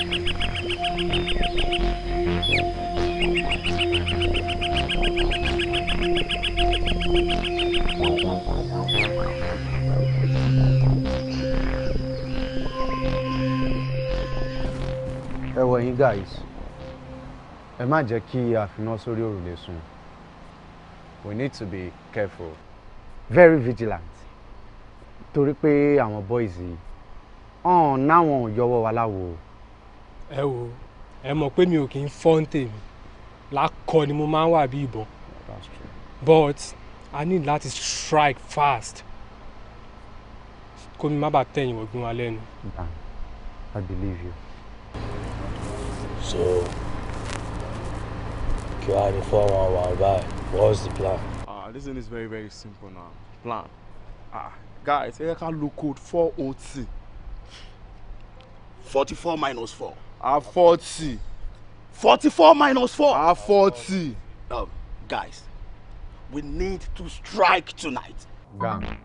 [SPEAKER 6] ẹ
[SPEAKER 1] wọ guys ẹ má jẹ́ kí a finá sórí òrùlé sùn
[SPEAKER 5] we need to be careful
[SPEAKER 1] very vigilant torí pé àwọn boys yìí ọ̀n náwọn yọwọ́ wa láwo o
[SPEAKER 7] ẹ wo ẹ mọ̀ pé mi ò kì í fọ́n tèmi lákọ ni mo máa ń wà bí ìbọn but i need láti strike fast kó mi má bàa tẹ̀yìn ọ̀gbìn wa lẹ́nu.
[SPEAKER 6] i believe you. so kí wàá ní four one one báyìí what's the plan.
[SPEAKER 1] ah this thing is very very simple now plan ah guys ẹ ká lo code four oh o t. forty four minus four a forty. forty-four minus four. a forty. Um, guys we need
[SPEAKER 6] to strike
[SPEAKER 1] tonight. Gang.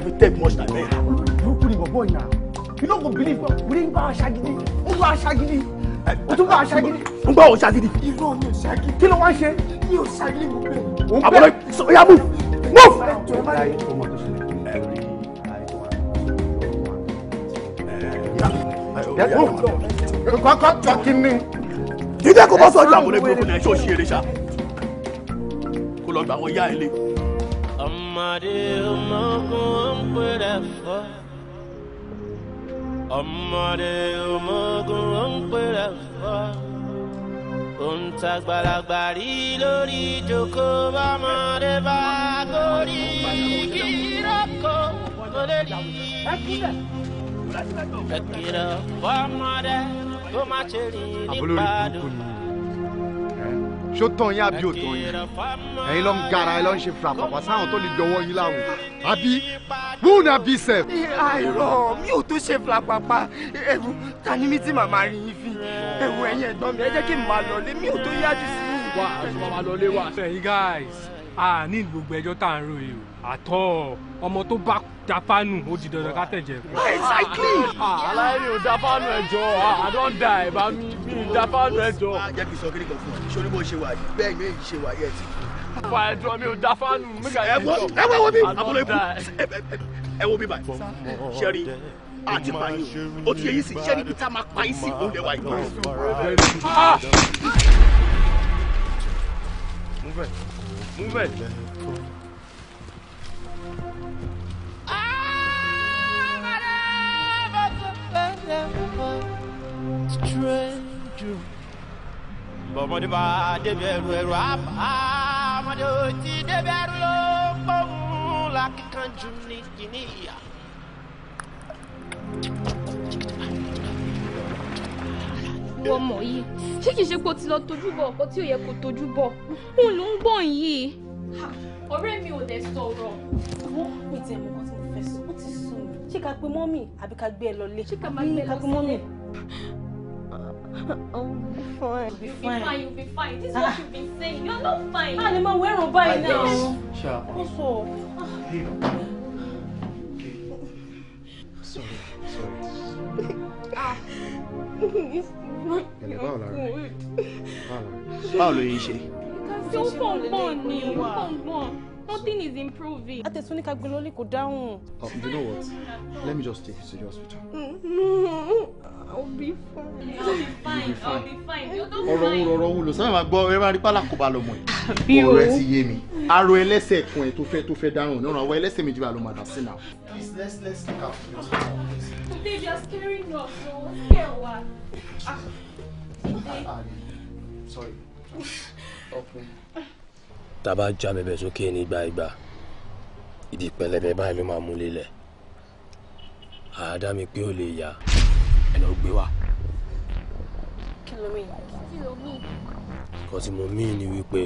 [SPEAKER 1] never take much time eh. olùkúni bọ̀bọ̀ yìí náà you no go believe
[SPEAKER 8] we dey gba aṣagidi n gba aṣagidi o tún gba aṣagidi.
[SPEAKER 1] n gba o ṣagidi.
[SPEAKER 8] irọ́ mi ò ṣagidi. kí ló wá ń ṣe. mi ò ṣagidi mo bẹ̀. àbọ̀lọ́ ìsọ̀yà
[SPEAKER 6] mú
[SPEAKER 1] bá sọ́jà àmúlẹ́gbẹ̀ẹ́ fún ẹ̀ ṣó ṣe eré ṣá kó lọ gbà wọ́n yá ẹ lé
[SPEAKER 2] ọmọdé ọmọgún ń pèrè fọ́ ọmọdé ọmọgún ń pèrè fọ́ òun tàgbàlagbà rí lórí ìjókòó bámọdé bá gorí kírọ́kọ tó lè rí ẹkìrọ̀ fọ́mọdé kó má ṣe
[SPEAKER 1] ṣó tán yín àbí òtán yín ẹ̀yin ló ń gara ẹ ló ń ṣe fàràfàfà sáwọn tó lè jọwọ́ yín láwùn àbí wúùn àbí sẹ̀. àìrọ̀ mi ò tó ṣe fàràfàfà ẹ̀rù ta ni mi ti màmá rí yín fi ẹ̀rù ẹ̀yìn ẹ̀gbọ́n mi ẹ jẹ́ kí n máa lọ mi ò tó yájú sí
[SPEAKER 7] i. wà á sọ ma lọ lé wa. guys a ní gbogbo ẹjọ́ tá à ń ròyìn o àtọ́ ọmọ tó bá dafanu ó di dandan ká tẹ̀jẹ̀ fún. exactly.
[SPEAKER 6] aláìní
[SPEAKER 2] o dafanu ẹjọ i don die bá
[SPEAKER 7] mi mi dafanu ẹjọ. jẹ́ kí n sọ kí ni kò fún ọ
[SPEAKER 1] sórí bó ṣe wà yìí bẹ́ẹ̀ ni èyí ṣe wà yìí ẹ̀ ti.
[SPEAKER 2] fa ẹjọ mi ò dafanu
[SPEAKER 1] mi kà yẹ jọ. ẹ wo mi àbúrò ikú ẹ wo mi báyìí ṣẹ́rí àti pààyàn ó ti yẹ yìí sí ṣẹ́rí bí tá a máa pa yìí sí òun lẹ́wà yìí. Move it.
[SPEAKER 2] bọ̀mọdé bá débi ẹrù ẹrù àmọ́dé ò ti débi ẹrù ló gbóhùn
[SPEAKER 4] lákìkanjú ní jìnnìyà wọ ọmọ yìí ṣé kìí ṣe pé ti lọ tójú bọ̀ ọkọ tí ò yẹ kó tójú bọ̀ òun ló ń bọ̀ yìí. ọ̀rẹ́ mi ò dẹ̀ sọ̀rọ̀. wọ́n mi tẹ̀ mọ́ kan tí mo fẹ́ sọ ó ti sùn. ṣé ká pe mọ́mì àbí ká gbé ẹ lọlé. ṣé ká máa
[SPEAKER 3] gbé ẹ lọ sílé.
[SPEAKER 4] I'll be fine. You'll be fine. Ah. You'll be fine. This is what you've been saying. You're not fine. Ah, Lema, where are
[SPEAKER 3] you now?
[SPEAKER 6] Sure.
[SPEAKER 4] Also.
[SPEAKER 6] Pẹ̀lẹ́ báwo lára báwo
[SPEAKER 5] lára
[SPEAKER 1] báwo ló yẹ ṣe.
[SPEAKER 4] ṣé ó ni ó pọ̀ Nothing is improving. Atesunika Gbololi kò dáhùn.
[SPEAKER 1] Oh, you know what? Let me just take you to the hospital.
[SPEAKER 4] Mm, no,
[SPEAKER 6] I'll be fine. I'll be fine. You'll be fine. I'll be fine. You're not fine. Ọ̀rọ̀ òun ọ̀rọ̀
[SPEAKER 1] òun lò sọ́yìn máa gbọ́ ẹ máa rí pálá kò bá lọ mọ̀ ẹ̀. Ọ̀rọ̀ ẹ ti yé mi. Aro ẹlẹ́sẹ̀ kan ẹ̀ tó fẹ́ tó fẹ́ dáhùn náà àwọn ẹlẹ́sẹ̀ méjì bá lọ máa dà sí náà. Please let's let's look out for yourself. Babe, you're scaring us. Kẹ̀wá. Ah, ah, ah, sorry.
[SPEAKER 4] Ọkùnrin.
[SPEAKER 7] tá a bá já bẹ̀bẹ̀ sókè ní gbàgbà ìdí pẹlẹbẹ báyìí ló máa mú lélẹ̀ àádá mi pé ó lè yá ẹ lọ gbé wá.
[SPEAKER 4] kí ló mí kí ló mí.
[SPEAKER 7] nǹkan tí mo mí ni wípé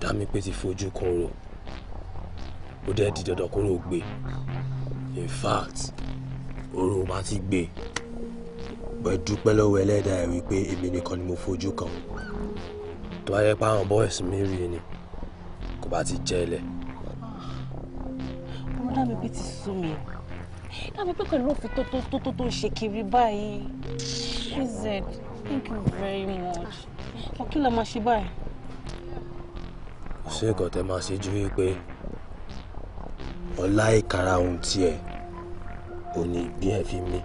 [SPEAKER 7] dámi pé ti fojú kan rò ó dẹ́ di dandan kó ló gbé in fact oró máa ti gbé pẹ̀dúpẹ́ lọ́wọ́ ẹlẹ́dàá ẹ̀ wípé èmi nìkan ni mo fojú kan tó bá yẹ boys mi ni kò bá ti jẹ́ ilẹ̀.
[SPEAKER 3] ọmọ dá bí ti sú mi dá pé pẹ̀lú òfin tó tó tó tó ń ṣe kiri báyìí pz thank you very much wọn kí la máa ṣe báyìí.
[SPEAKER 7] kò sí nǹkan tẹ́ máa ṣe ju wípé ọlá ìkara ohun tiẹ̀ ò ní bí ẹ fi mí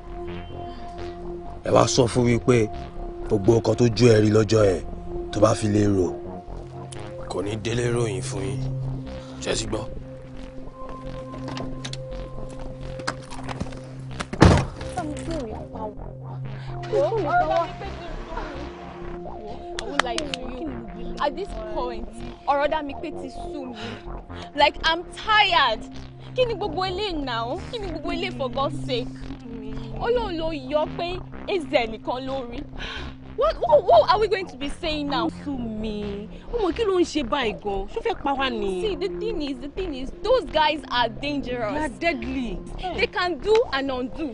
[SPEAKER 7] ẹ wá sọ fún wípé gbogbo ọkọ tó jó ẹ rí lọ́jọ́ ẹ̀ tó bá fi lè rò kò ní délé ròyìn fún yín ṣe sí gbọ́.
[SPEAKER 4] At this point, ọ̀rọ̀ dá mi pé ti sú mi. Like I'm tired. Kí ni gbogbo ilé now? Kí ni gbogbo ilé for God's sake? Ọlọ́run ló yọ pé Eze nìkan ló rí. What, what, what are we going to be saying now? Sumi, ọmọ kí ló ń ṣe báyìí gan? Ṣó fẹ́ pa wá ni? See, the thing is, the thing is, those guys are dangerous. They are deadly. They can do and undo.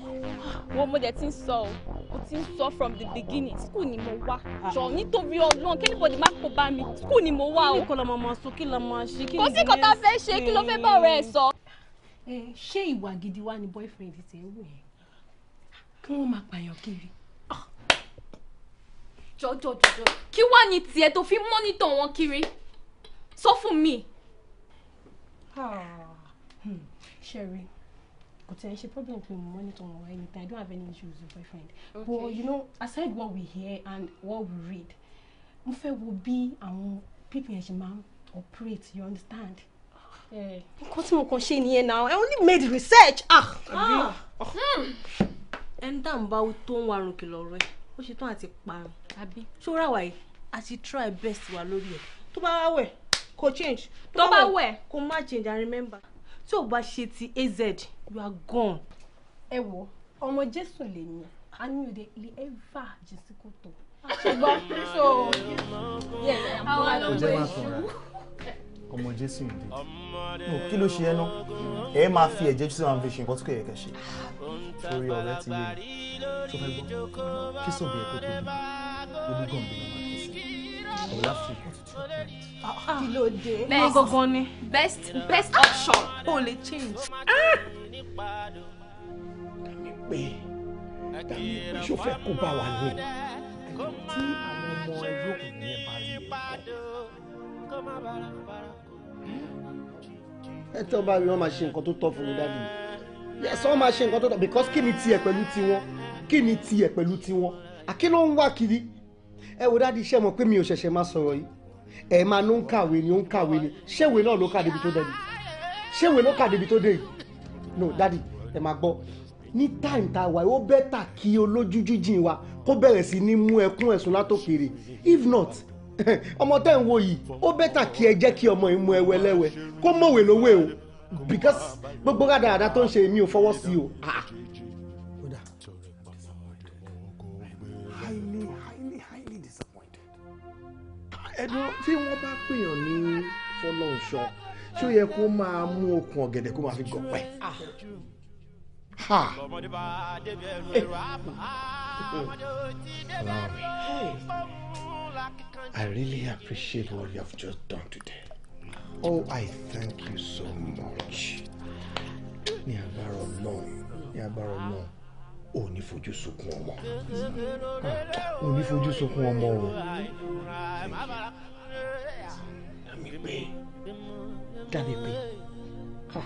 [SPEAKER 4] Wọ́n mo dẹ̀ ti ń sọ o, mo ti ń sọ from the beginning. School ni mo wá. Ah. Jọ nítorí Ọlọ́run, kí anybody má kó bá mi. School ni mo wá o. Kí ló mọ̀ mọ̀ sọ, kí ló mọ̀ ṣe, Kò sí nǹkan tá a fẹ́ ṣe, kí ló fẹ́ bá ọ̀rẹ́ ẹ̀ sọ.
[SPEAKER 3] Eh, ṣé ìwà gidi wa ni boyfriend ti ń wù yẹn? Kí wọ́n máa pààyàn kiri
[SPEAKER 4] jọjọ jọjọ kí wàá ní tiẹ̀ tó fi mọ́nítọ̀ wọn kiri sọ fún mi.
[SPEAKER 3] Sherry hmm, kò tẹ̀ ẹ́ ṣe problem pé mo mọ́nítọ̀ wọn wáyé níta I don't have any issues with boyfriend okay. but you know aside what we hear and what we read mo fẹ́ wo bí àwọn people yẹn ṣe máa operate you understand eh. nǹkan tí mo kàn ṣe nìyẹn now I only made research. ah, ah hmm. Hmm. ẹni tá à ń bá tó ń warun kìlọ̀ rẹ ó ṣe tán àti parun àbí ṣọ́ra wa yìí a ti try best wa lórí ẹ̀ tó bá wá wẹ̀ kò change tó bá wẹ̀ kò má change and remember tí ò bá ṣe ti az you are gone. ẹ wo ọmọ jésù lèmi àánú ìdè ilé ẹ̀fà jésù kò tó
[SPEAKER 6] ṣùgbọ́n so àwọn àlọ́ ìṣú
[SPEAKER 1] ọmọ jésù ìdí no kí ló ṣe ẹ ẹ máa fi ẹ̀jẹ̀ jésù máa fi ṣe nǹkan tó kẹ̀ kẹ̀ ṣe torí ọ̀rẹ́ ti yé tó fẹ́ gbọ́ kí sóbi ẹ̀kọ́ tó bí olúgbọ̀n bí wọn kì í sí
[SPEAKER 2] ọ̀la fún ìkọ́ tuntun.
[SPEAKER 4] Ah, kí ló dé. bẹ́ẹ̀ gangan ni best best ah! option o lè change. Ah! dàmí
[SPEAKER 2] pé dàmí pé ṣó kó bá wa ní ẹni
[SPEAKER 3] tí àwọn ọmọ
[SPEAKER 2] ẹgbẹ́ òkùnkùn yẹn bá rí ẹ̀kọ́
[SPEAKER 1] ẹ tẹ́ ọ bá rí wọn máa ṣe nǹkan tó tọ́ fún mi dáàbò yẹsẹ wọn máa ṣe nǹkan tó tọ́ because kí ni tiẹ̀ pẹ̀lú tiwọn kí ni tiẹ̀ pẹ̀lú tiwọn àkí ló ń wá kiri ẹ wo dáàdi iṣẹ́ mọ̀ pé mi ò ṣẹ̀ṣẹ̀ máa sọ̀rọ̀ yìí ẹ máa ló ń kàwé ni ó ń kàwé ni ṣéwèé náà ló kà débi tó dé yìí ṣéwèé ló kà débi tó dé yìí no dáàdi ẹ máa gbọ́ ní táìm tá a wà ó bẹ́tà kí olójújú jìn wa kó bẹ̀rẹ̀ sí ní mú ẹkún ẹ̀sùn látòkèrè if not ọmọ tẹ́ ń wo yìí ó bẹ́tà kí ẹ jẹ́ kí ọmọ yìí mu ẹwẹ lẹ́wẹ̀ kó mọ̀wé lówé o because gbogbo rádàrádà tó ń ṣe èmi ò fọwọ́ sí o. Ah, ah.
[SPEAKER 6] highly highly highly disappointed.
[SPEAKER 1] ẹ̀dùn tí wọ́n bá pèèyàn ní fọlọ́ọ̀ṣọ́ ṣó yẹ kó máa mú okùn ọ̀gẹ̀dẹ̀ kó máa fi gọ̀pẹ́. Ah ha. Wow. I really appreciate what you have just done today. Oh, I thank you so much. Ní agbára Ọlọ́run, ní agbára Ọlọ́run, ò ní fojú sunkún ọmọ.
[SPEAKER 2] Ò ní fojú sunkún ọmọ o.
[SPEAKER 6] Dàbí pé, dàbí pé, ha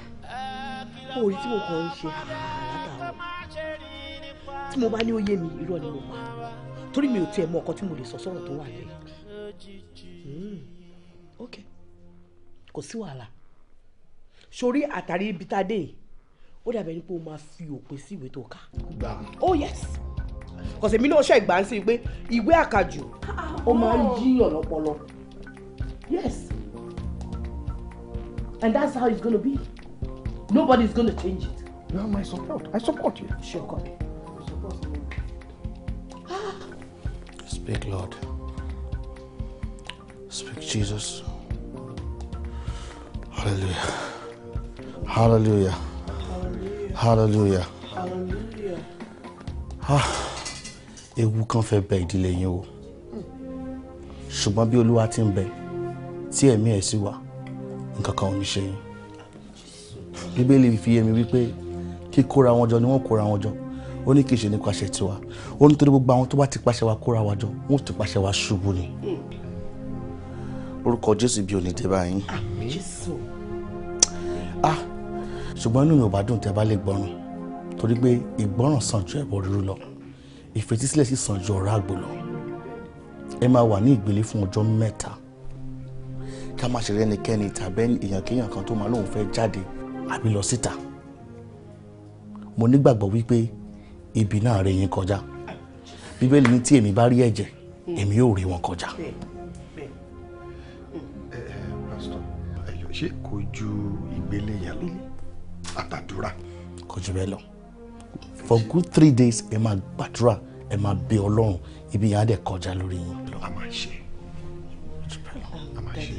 [SPEAKER 6] orí tí mo kàn ń ṣe
[SPEAKER 2] àràtàrà
[SPEAKER 8] tí mo bá ní ó yé mi irọ́ ni mo pa torí mi ò tiẹ̀ mọ ọkọ tí mo lè sọ sọ̀rọ̀ tó wà lẹ́yìn hmm. ok kò sí wàhálà sórí àtàrí ibi tá a dé ó dàbẹ̀ ni pé o máa fi òpin sí ìwé tó kà oh yes kọ̀sẹ̀ mi náà ṣe ìgbà ń sìn pé ìwé àkàjù ó máa ń yí ọ̀nà pọlọ yes and that's how it's gonna be. Nobody's going to change it. You have my support. I support you. Sure, God.
[SPEAKER 1] Speak, Lord. Speak, Jesus. Hallelujah. Hallelujah. Hallelujah.
[SPEAKER 6] Hallelujah.
[SPEAKER 1] Ah, ewu kan fẹ́ bẹ ìdílé yín o. Ṣùgbọ́n bí Olúwa ti ń bẹ, tí ẹ̀mí ẹ̀ sì wà, nǹkan kan ò ní ṣe yín bíbélì fi yé mi wípé kíkóra wọn jọ ni wọ́n kóra wọn jọ ó ní kì í ṣe nípasẹ̀ tiwa ó nítorí gbogbo àwọn tó bá ti pàṣẹ wa kóra wa jọ wọ́n ti pàṣẹ wa ṣubú ni orúkọ jésù bí òní tẹ́ báyìí ah ṣùgbọ́n inú mi ò bá dùn tẹ́ bá lè gbọ́ràn torí pé ìgbọ́ràn sàn ju ẹbọ rírú lọ ìfetísílẹ̀ sì sàn ju ọ̀rá àgbò lọ ẹ máa wà ní ìgbélé fún ọjọ́ mẹ́ta ká má ṣe rẹ́nikẹ́ni tàbí èèyàn kéèyàn kan tó máa lóun fẹ́ jáde àbí lọ síta mo nígbàgbọ́ wípé ibi náà rè yín kọjá bíbélì ní tí èmi bá rí ẹ̀jẹ̀ èmi yóò rí wọn kọjá. Eh, eh, ṣé kò ju ìgbélé yẹn lọ àtàdúrà. kò ju bẹ́ẹ̀ lọ for good three days ẹ máa gbàdúrà ẹ máa bẹ ọlọ́run ibi yẹn á dẹ̀ kọjá lórí yín. a máa ṣe
[SPEAKER 8] ah, a máa ṣe.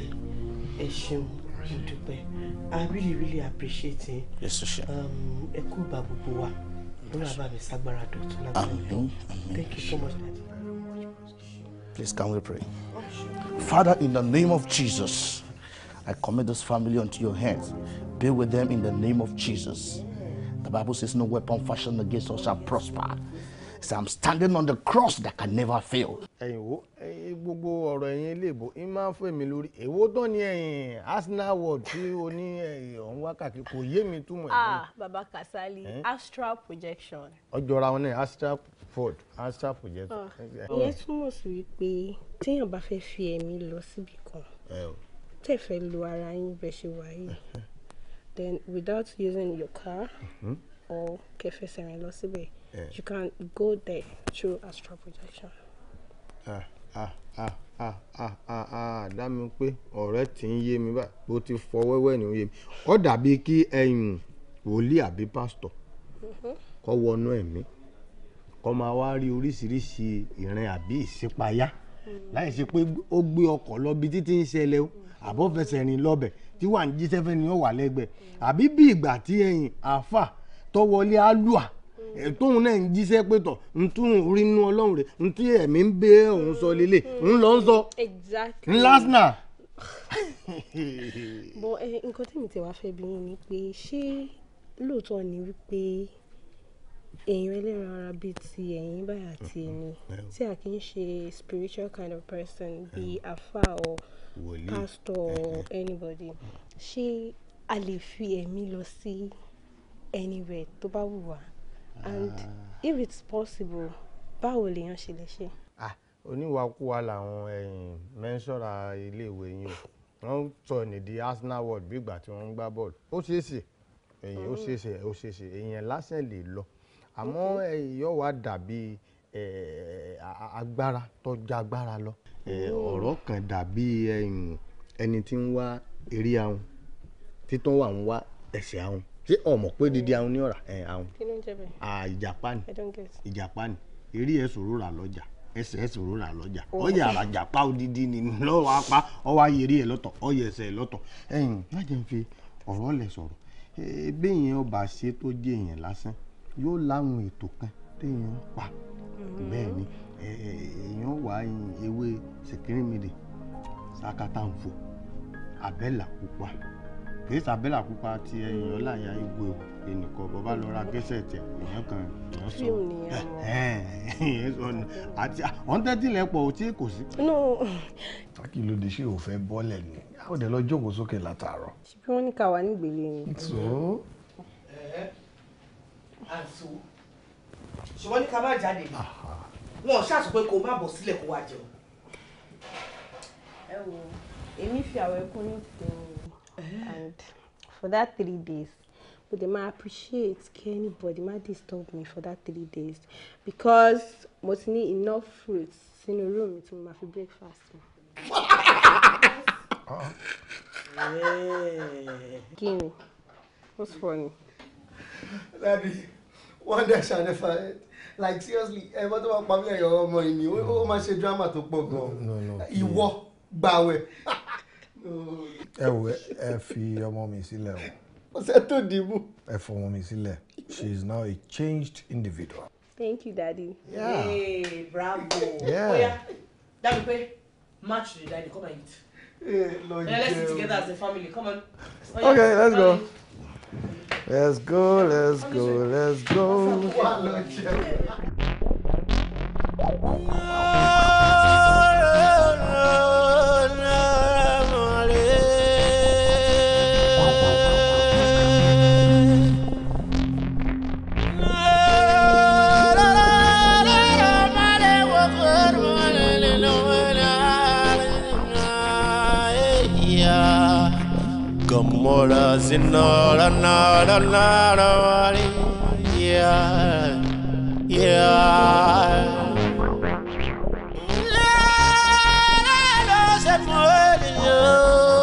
[SPEAKER 8] ẹ ṣeun mo dúpẹ́. I really really appreciate it. Yes, sir. Um, ẹ kú bá gbogbo Thank
[SPEAKER 1] you so much, Please, can we pray? Oh, Father, in the name of Jesus, I commit this family unto your hands. Be with them in the name of Jesus. The Bible says, No weapon fashioned against us shall prosper. so i'm standing on the cross that can never fail. ẹ̀yin wo gbogbo ọ̀rọ̀ ẹ̀yin iléèbó ń máa ń fún èmi lórí èwo tán ni ẹ̀yin arsenal world tí o ní ọ̀hún wákàtí kò yé mi túmọ̀ ẹ̀. ah
[SPEAKER 3] baba kasali astral projection.
[SPEAKER 1] ọjọ́ra wọn ní astral ford astral projection. Ah. ìyẹn
[SPEAKER 3] túmọ̀ sí wípé téèyàn bá fẹ́ fi ẹ̀mí lọ síbi kan tẹ̀ fẹ́ lo ara yín bẹ́ẹ̀ ṣe wáyé then without using your car. Mm -hmm or Kefeseren lọ síbẹ̀. You can go there through astral projection.
[SPEAKER 1] Ah, ah, ah, ah, ah, ah, ah, dá mi pé ọ̀rẹ́ tí ń yé mi báyìí bó ti fọ wẹ́wẹ́ ni ó yé mi. Ó dàbí kí ẹ̀yin wòlíì àbí pásítọ̀
[SPEAKER 6] mm-hmm.
[SPEAKER 1] kó wọnú ẹ̀mí kó máa wá rí oríṣiríṣi ìrìn àbí ìṣípayá mm. láì ṣe pé ó gbé ọkọ̀ lọ bí títí ń ṣẹlẹ̀ o mm-hmm. àbọ̀ fẹsẹ̀ rìn lọ́bẹ̀ tí wà ń jíṣẹ́ fẹ́ ni ó wà lẹ́gbẹ̀ẹ́ mm. àbí bí ìgbà tí ẹ̀yin àáfà tọ́wọlé alua mm. tóun náà ń jíṣẹ́ pé tọ̀ ń tún orí inú ọlọ́run rẹ̀ ń tí ẹ̀mí ń bẹ òun sọ lélẹ̀ ń lọ ń sọ
[SPEAKER 6] ń lásnà.
[SPEAKER 3] bọ ẹ nǹkan tí mi ti wá fẹ́ bi yín ni pé ṣé lóòótọ́ ni wípé èèyàn ẹlẹ́ran ara bíi ti ẹ̀yin báyà àti ẹ̀mí tí a kì í ṣe spiritual kind of person bíi afa or pastor or anybody ṣé a lè fi ẹ̀mí lọ sí. Si anywhere tó bá wù wá ah. and if it's possible báwo lèèyàn ṣe lè ṣe. ah
[SPEAKER 1] oníwàkuwà làwọn mẹ́ńsọ̀rà iléèwé yín o wọ́n sọ nídìí Arsenal world bí ìgbà tí wọ́n ń gbá bọ́ọ̀lù ó ṣeé ṣe èyàn ó ṣeé ṣe ó ṣeé ṣe èyàn lásán lè lọ àmọ́ èyàn wà dàbí agbára tọ́jà agbára lọ mm. ọ̀rọ̀ kan dàbí ẹni tí ń wá eré ahun títọ́ wà ń wá ẹ̀sẹ̀ ahun ṣé ọmọ pé dídí àwọn ní ọ̀rà ẹ̀ àwọn.
[SPEAKER 6] kí ló ń jẹ bẹ́ẹ̀.
[SPEAKER 1] ìjàpá ni ìjàpá ni eré ẹ̀ ṣòro rà lọ́jà ẹsẹ̀ ẹ̀ ṣòro rà lọ́jà ọyẹ àràjàpá odidi ni lọ́wọ́ apá ọwọ́ ayé eré ẹ̀ lọ́tọ̀ ọyẹ ẹsẹ̀ ẹ̀ lọ́tọ̀ ẹ̀yìn má jẹ́ n fi ọ̀rọ̀ lẹ̀ sọ̀rọ̀ béèyàn ọba ṣe tó jẹ́ èèyàn lásán yóò láwọn ètò kan téèyàn ń pa
[SPEAKER 6] mm-hmm.
[SPEAKER 1] bẹ́ẹ̀ ni èèyàn wà ewé sèkírímìdì sákátàǹfò àbẹ́là pupa kì í sàbẹ́là pupa ti ẹ̀yìn ọláyà igbó ẹnìkan bọ́ bá lọ ra gẹ́sẹ̀ tẹ̀ èèyàn kan èèyàn sọ èèyàn sọ àti ọ̀ńtẹ́tì lẹ́pọ̀ ò tí kò sí. sákì ló dé ṣé ò fẹ́ bọ́lẹ̀ ni a ò dé lọ jókòó sókè látàárọ̀. ṣùgbọ́n
[SPEAKER 3] wọ́n ní ká wà nígbèlè ni. tó. ṣùgbọ́n ní ká má
[SPEAKER 8] jáde wọn ò ṣàṣọ pé kó má bọ̀ sílẹ̀ kó wá jẹun.
[SPEAKER 3] ẹ wo èmi fi àwọn ẹkún ní tèmi Eh. and for that three days but dem ma appreciate kí anybody ma disturb me for that three days because must need enough fruits in the room to make mo breakfast mi. Ah. kí what's funny.
[SPEAKER 1] Daddy, one day shall àlefa like seriously ẹ bọ́ tó bá pa mí you. ọmọ yìí ni ó máa ṣe drama tó pọ̀ gan-an ìwọ gbàwẹ̀ ẹ wo ẹ fi ọmọ mi sílẹ̀ o. ọ̀sẹ̀ tó dìbò. ẹ fọ mi sílẹ̀ she is now a changed individual. thank you
[SPEAKER 3] daddy. yeah hey, bravo. yeah. oya dabi pe match the daddy
[SPEAKER 8] come and
[SPEAKER 5] eat.
[SPEAKER 8] Lord yeah, let's sit together as a family come on. Oya, okay let's go.
[SPEAKER 1] let's go let's go
[SPEAKER 6] let's go.
[SPEAKER 2] mora sinora nara nara yeah yeah la la la se muere yo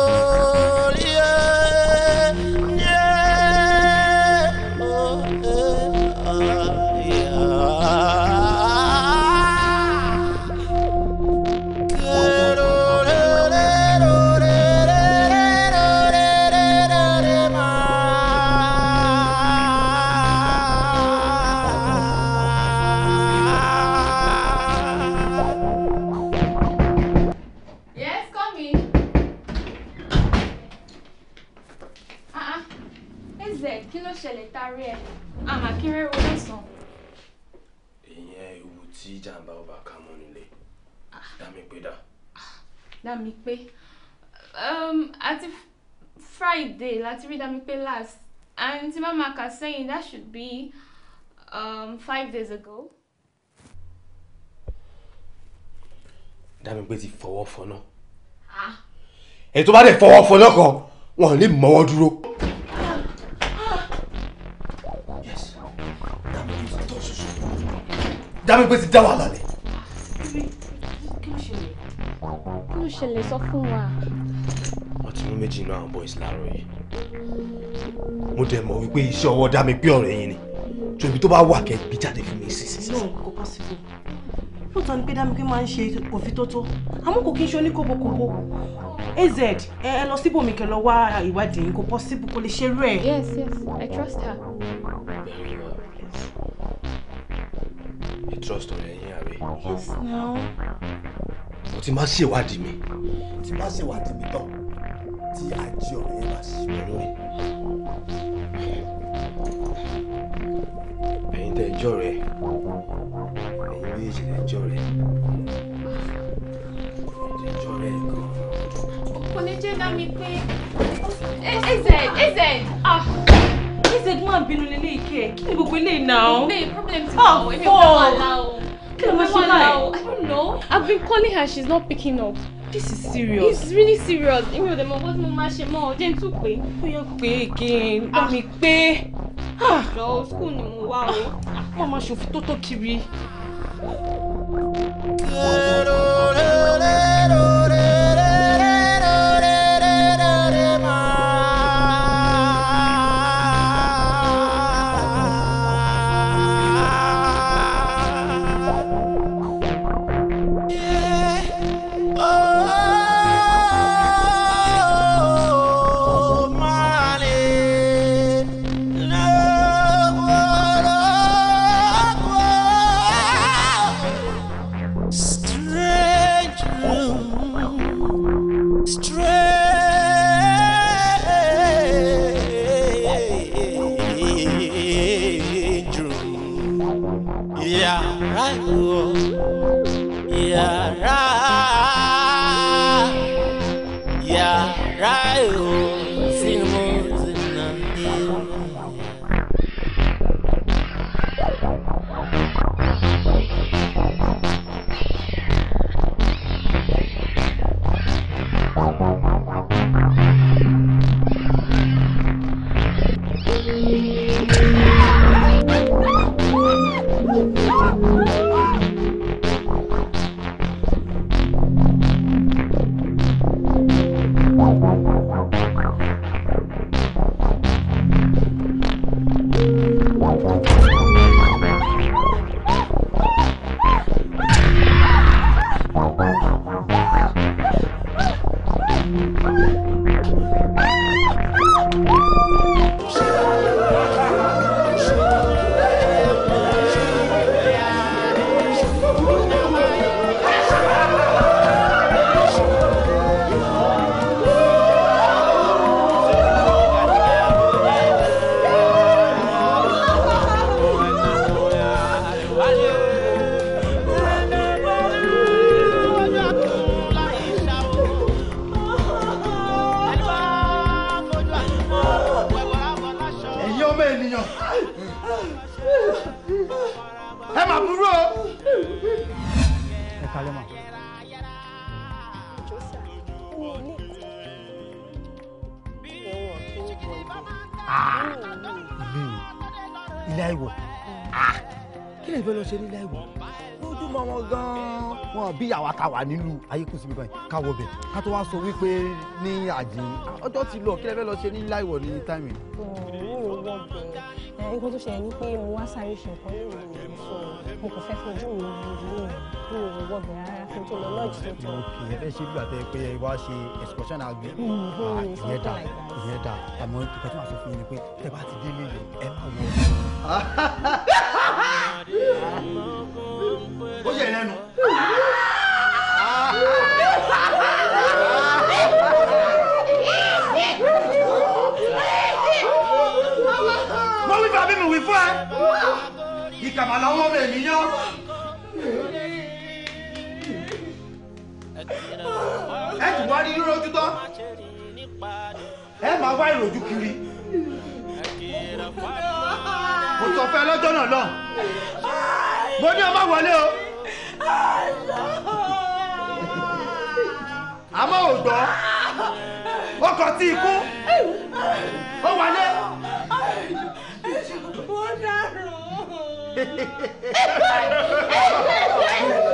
[SPEAKER 4] five days ago.
[SPEAKER 7] Dámípé ti fọwọ́ fọ náà.
[SPEAKER 1] Èyí ah. tó bá dẹ̀ fọwọ́ fọ lọ́kọ̀, wọn ò ní mọ́wọ́ dúró. Dámípé ti dá wàhálà lẹ̀. Kí ló ṣẹlẹ̀? Kí ló ṣẹlẹ̀
[SPEAKER 4] sọ
[SPEAKER 7] fún wa? Wọ́n ti mú méjì nínú àwọn boys láàárọ̀ yìí. Mo dẹ̀ mọ̀ wípé iṣẹ́ ọwọ́ Dámípé ọ̀rẹ́ yìí ni so ibi tó bá wà kẹ́ jáde fún mi sísìn. no kò
[SPEAKER 6] possible
[SPEAKER 3] lóòótọ́ ni pé máa ń ṣe òfítótó àmọ́ kò kí n ṣe oníkóbókóbó az ẹ lọ síbòmí kẹ́ lọ wá ìwádìí kò possible kò lè ṣe rú yes
[SPEAKER 4] yes i trust her.
[SPEAKER 7] you trust ọ̀rẹ́ yín àbí. yes now. mo ti máa ṣèwádìí mi ti máa ṣèwádìí mi tán tí àjẹ ọ̀rẹ́ yẹn bá ṣe wọ́n lórí ẹ̀yin tẹ̀ jọ rẹ̀ ẹ̀yin méjèèjì tẹ̀ jọ rẹ̀ tẹ̀ jọ rẹ̀ gan.
[SPEAKER 4] kò ní jẹ́ dá mi pé ẹ̀zẹ̀ ẹ̀zẹ̀ ah ẹ̀zẹ̀ tó máa bínú lé léèké kí ni gbogbo eléyìí náà. ilé problem ti bọ̀ èmi ò fẹ́ wà láò. kí ló máa ṣe báyìí. I don't know. I've been calling her she's not picking up. This is serious. It's really serious. Èmi ò dẹ̀ mọ̀ bó ti mo máa ṣe mọ́ ọ jẹ́ n tún pé. Ó yẹ pé again. Bá ah. mi pé jọ ah, skul ni mo wá o wọn máa ṣòfin tó tó kiri.
[SPEAKER 1] ayé kù síbi báyìí ká wọ bẹ̀ ká tó wá sọ wípé ní àjìn ọjọ́ ti lọ kí lẹ fẹ́ lọ ṣe ní láìwọ̀ ní táìmì.
[SPEAKER 6] ooo
[SPEAKER 3] wọ tó ṣẹlẹ̀ ni pé mo wá sáré ṣe so mo kò fẹ́ fojú mi rí ní mi ò wọ rárá fún tó lọ lọ́ọ̀jì tó
[SPEAKER 7] tọ́. ẹ fẹ́ ṣe gbàtẹ́ pé wá
[SPEAKER 1] ṣe excursion àgbẹ̀
[SPEAKER 7] mm, ah, ìyẹn dà
[SPEAKER 1] ìyẹn dà àmọ́ ìkọ́ tí sọ fún yín ni pé tẹ rí rírọ́jú tán ẹ máa wá ìròjú kiri mo sọ fẹ́ lọ́jọ́ náà lọ mo ní ọmọ wọlé o àmọ́
[SPEAKER 2] ò gbọ́ ó kọ tí ikú ó wọlé.
[SPEAKER 6] mo dàrú.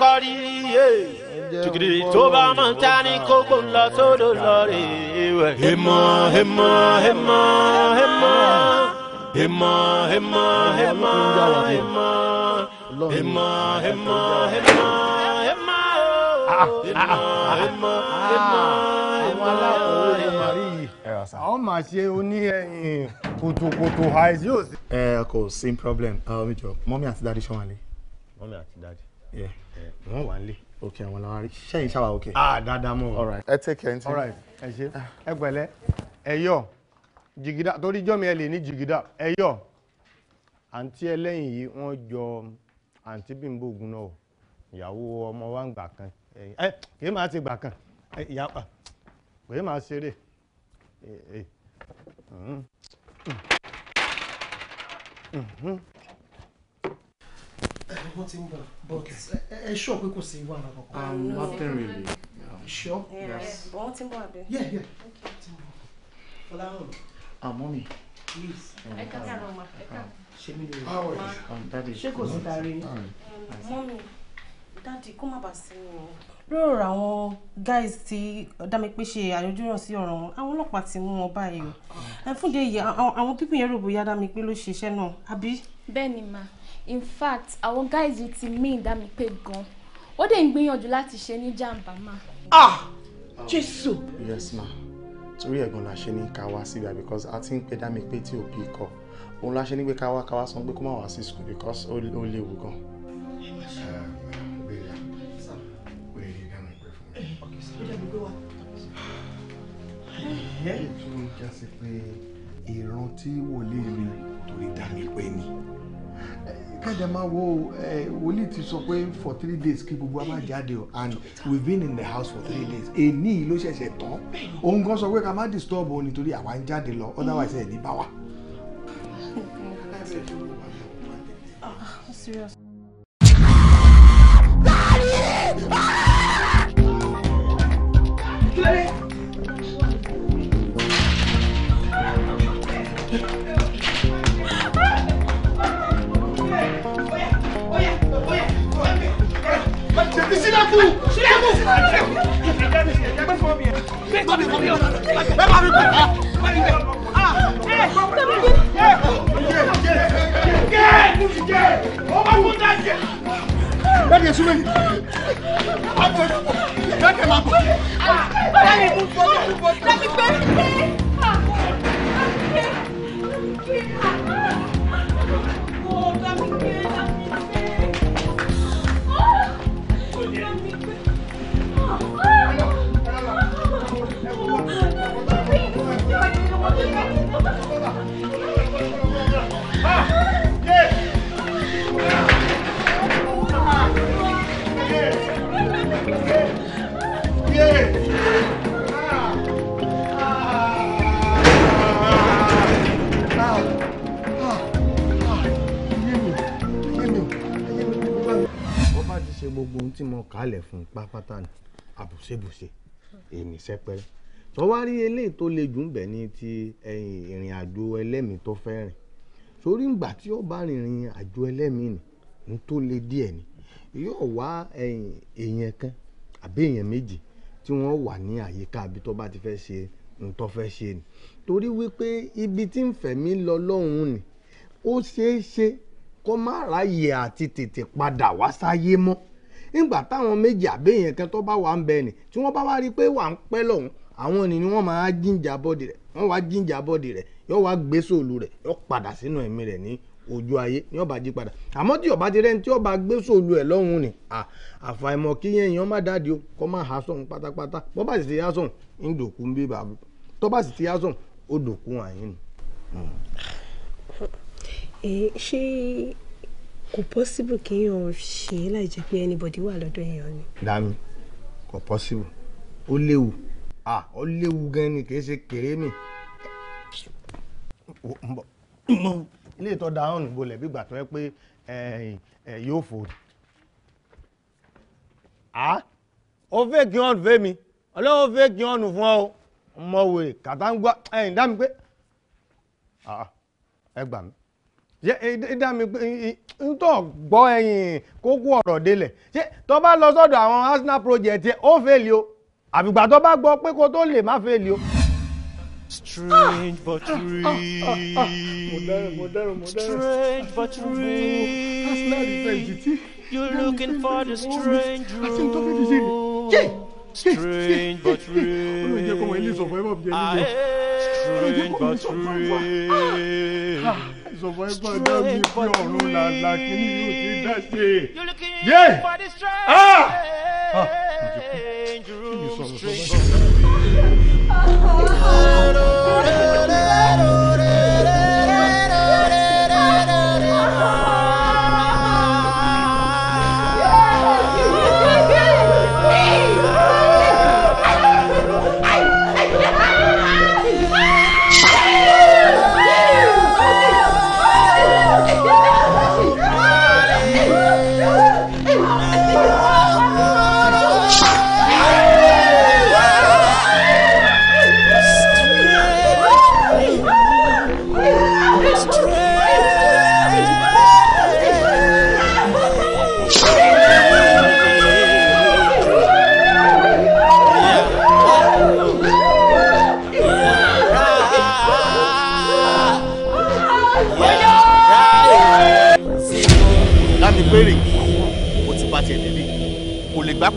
[SPEAKER 2] kọ́ rírí yé eh. jùgìrì tó bá mọ̀ ta ni kókó ń lọ sódò lọ rè wẹ̀. èmọ̀ èmọ̀ èmọ̀ èmọ̀ èmọ̀ èmọ̀ èmọ̀ èmọ̀ èmọ̀ èmọ̀ èmọ̀ èmọ̀
[SPEAKER 1] àwọn máa ṣe oní kùtùkùtù àìsí òsì. ẹ eh, kò sí problem ọmọ ah, mi jọ mọ́mí àti dáadé ṣọ́wọ́n lé. mọ́mí àti dáadé. Eh, wọ́n wà nílé òkè àwọn làwọn arí ṣẹ́yìn ṣáwà òkè. ah dáadáa mọ o. ẹ tẹ kẹntì. ẹ ṣe ẹ pẹ̀lẹ́ ẹ yọ jìgìdá torí jọmi ẹ lè ní jìgìdá ẹ yọ àǹtí ẹlẹ́yìn yìí wọ́n jọ àǹtí Bímbọ́ Ògún náà ìyàwó ọmọ wa ń gbà kan ẹ kìí máa ti gbà kan ìyàpá kìí máa ṣeré
[SPEAKER 6] Mm-hmm.
[SPEAKER 8] Mm-hmm wọ́n ti ń bọ̀ but ẹ ṣọ́ pé um nothing
[SPEAKER 6] really. sure.
[SPEAKER 3] yes. wọ́n ti ń bọ̀ yeah yeah. Okay. àmọ́
[SPEAKER 1] ah, Mommy. please. I can't. kí àná ma ẹ ká. Ah, ah. ṣé
[SPEAKER 6] mi lè rí
[SPEAKER 5] i. ṣé kò sí tari.
[SPEAKER 3] mọ́mí dáàdi kó má bàa sí mi me lóòrò àwọn guys tí dámipé ṣe àyọjúràn sí ọ̀rọ̀ wọn àwọn ọlọ́pàá ti mú wọn báyìí o. Eh, fúnde yìí àwọn pípín yẹn rògbòyà dámipé ló ṣiṣẹ́ náà àbí.
[SPEAKER 4] bẹ́ẹ̀ ni in fact àwọn guys yìí ti mí ìdámipé gan ó dẹ̀ ń gbìyànjú láti ṣe ní jàǹbá ma. ah oh.
[SPEAKER 1] Jesu yes ma torí ẹ̀gbọ́n la ṣe ní ká wá síbẹ̀ because a ti ń pe dámipé tí ò bí kọ òun la ṣe ní pé ká wá ká wá sọ pé kó má wá sí school because ó léwu gan. Eh? ìrántí wòlíì mi torí dámipé ni kẹ́dẹ̀ máa wo wòlíì ti sọ pé for three days kí gbogbo a máa o and we been in the house for three days èní ló ṣẹ̀ṣẹ̀ tán òun gan sọ pé ká má disturb òun nítorí àwa ń jáde lọ otherwise ẹ̀ bá wa.
[SPEAKER 6] serious. Daddy! Ah! sílẹ̀kùn
[SPEAKER 2] sílẹ̀kùn. ẹ bá mi bẹ̀rẹ̀ lẹ́yìn ẹ̀sùn lẹ́yìn lẹ́yìn
[SPEAKER 8] máa bọ̀ lẹ́yìn gbé.
[SPEAKER 1] ṣe gbogbo ohun tí mo kálẹ̀ fún pápátá ni àbùṣebùṣe èmi sẹ́pẹ́rẹ́ tó wá rí eléyìí tó le jù ń bẹ̀ ní ti eh, ìrìn àjò ẹlẹ́mìí tó fẹ́ rìn sórí ìgbà tí ó bá rìnrìn àjò ẹlẹ́mìí ni ní tó le díẹ̀ ni yóò wá eh, èèyàn kan àbí èèyàn méjì tí wọ́n wà ní àyíká ibi tó bá ti fẹ́ ṣe ohun tó fẹ́ ṣe ni torí wípé ibi tí ń fẹ̀mí lọ lọ́hùn ni ó ṣeé ṣe kó má ráyè àti tètè padà wá sáyé mọ́ nígbà táwọn méjì àbẹ́yẹn kan tó bá wà ń bẹ ni tí wọ́n bá wá rí i pé wà ń pẹ́ lọ́hùn àwọn ni wọ́n máa jíǹjà bọ́dì rẹ̀ wọ́n wá jíǹjà bọ́dì rẹ̀ yóò wá gbé sóòlù rẹ̀ yóò padà sínú ẹ̀mí rẹ̀ ní ojú ayé ní ọba jí padà àmọ́ tí ọba ti rẹ́ni tí ọba gbé sòlù ẹ̀ lọ́hùn ni àfàìmọ̀ kí yẹn èèyàn má dáàdi o kọ́ máa há sọ̀hún pátápátá bọ́ bá sì ti há sọ̀hún ń dòkú ń bí bàbá tọ́ bá sì ti há sọ̀hún ó dòkú àyín ni. ṣé
[SPEAKER 3] kò possible kéèyàn ṣe é láì jẹ́ pé anybody wà lọ́dọ̀ èèyàn ni.
[SPEAKER 1] dami kò possible ó léwu ah ó léwu gan ni kì í ṣe kéré mi. ilé ìtọ́ da hàn bolẹ̀ bí ìgbà tó yẹ pé yóò fò. a ó fẹ́ kí wọ́n fẹ́ mi ọlọ́wọ́ fẹ́ kí wọ́n fún ọ mọ̀ kàtàǹgbà ẹ̀yìn dá mi pé ẹ gbà mí ṣe dá mi pé n tó gbọ́ ẹ̀yìn kókó ọ̀rọ̀ délẹ̀ ṣé bá lọ sọ́dọ̀ Arsenal project o àbígbà tó bá gbọ́ pé kó tó lè má fẹ́ lé o. Strange
[SPEAKER 2] but ah, ah, ah, real. Strange but real. You're looking for the strange road. Strange but real. Strange but real. Strange but real. You're looking for the strange road. I Hello. Hello. Hello.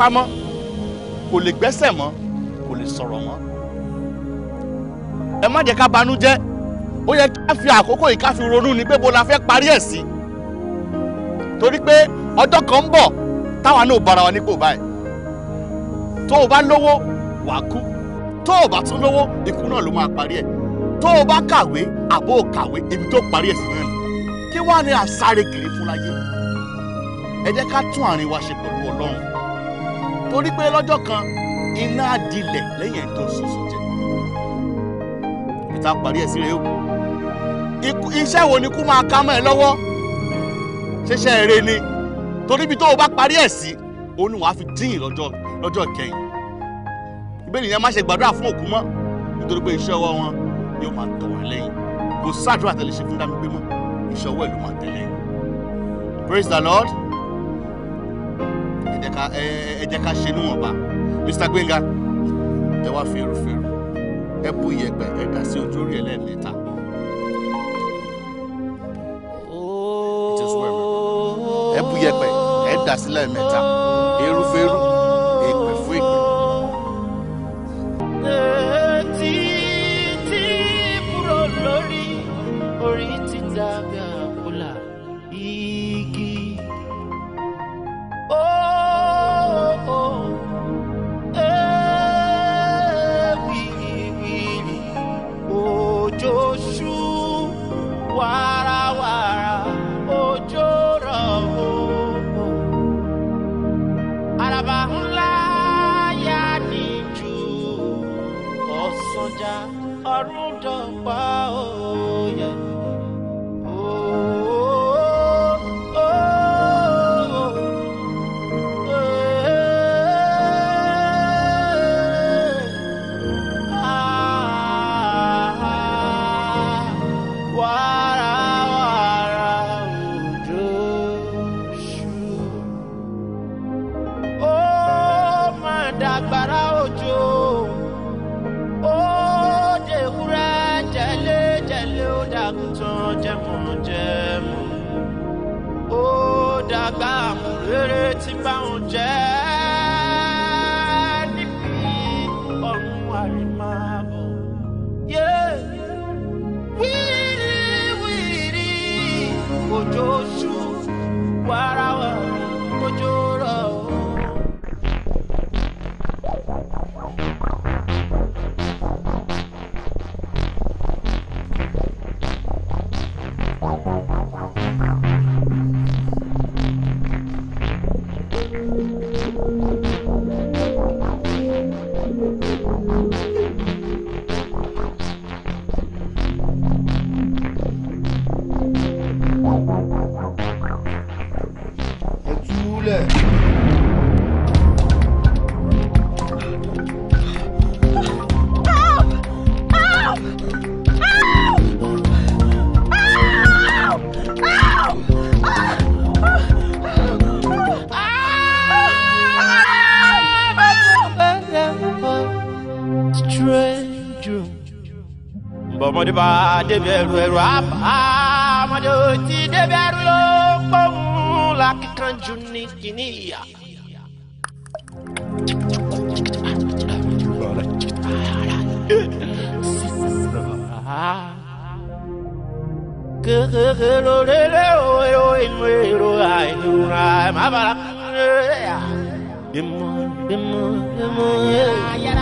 [SPEAKER 1] lápá mọ́ kò lè gbẹ́sẹ̀ mọ́ kò lè sọ̀rọ̀ mọ́ ẹ má jẹ́ ká banú jẹ́ ó yẹ ká fi àkókò yìí ká fi ronú ni pé bo la fẹ́ parí ẹ̀ sí torí pé ọjọ́ kan ń bọ̀ táwa náà bára wa nípò báyìí tó o bá lówó wàá kú tó o bá tún lówó ikú náà ló máa parí ẹ̀ tó o bá kàwé àbó o kàwé ibi tó parí ẹ̀ sí náà ni kí wàá ní àsáré kiri fún láyé ẹ jẹ́ ká tún àárín wa ṣe pẹ̀lú ọlọ́run torí pé lọ́jọ́ kan iná á dilẹ̀ lẹ́yìn ẹ̀tọ́ ṣoṣo jẹ ìta parí ẹ̀ sí rẹ̀ yòókù iṣẹ́ wo ni kú máa ká mọ́ ẹ lọ́wọ́ ṣẹṣẹ́ eré ni torí ibi tó o bá parí ẹ̀ sí òun ni wàá fi dín lọ́jọ́ lọ́jọ́ kẹyìn ìbéèrè yẹn má ṣe gbàdúrà fún òkú mọ́ nítorí pé iṣẹ́ ọwọ́ wọn yóò máa tọ̀ wọ́n lẹ́yìn kò sáàdúrà tẹ̀lé ṣe fún dámi gbé mọ́ iṣẹ́ ọwọ́ ìlú máa tẹ̀lé praise the lord ẹ jẹ́ ká ṣe níwọ̀nba Mr. Gbenga ẹ wá fèrò fèrò ẹ bú iyẹ̀pẹ̀ ẹ dà sí ojú orí ẹlẹ́ẹ̀mẹ́ta. ẹ bú iyẹ̀pẹ̀ ẹ dà sí lẹ́ẹ̀mẹ́ta èrúfèrú.
[SPEAKER 2] mọ̀dìbà débẹ̀rù ẹ̀rù àbá mọ̀dìbà tí débẹ̀rù ló gbóhùn lákìkanjú òyò inú èrò àìdúrà má bàa.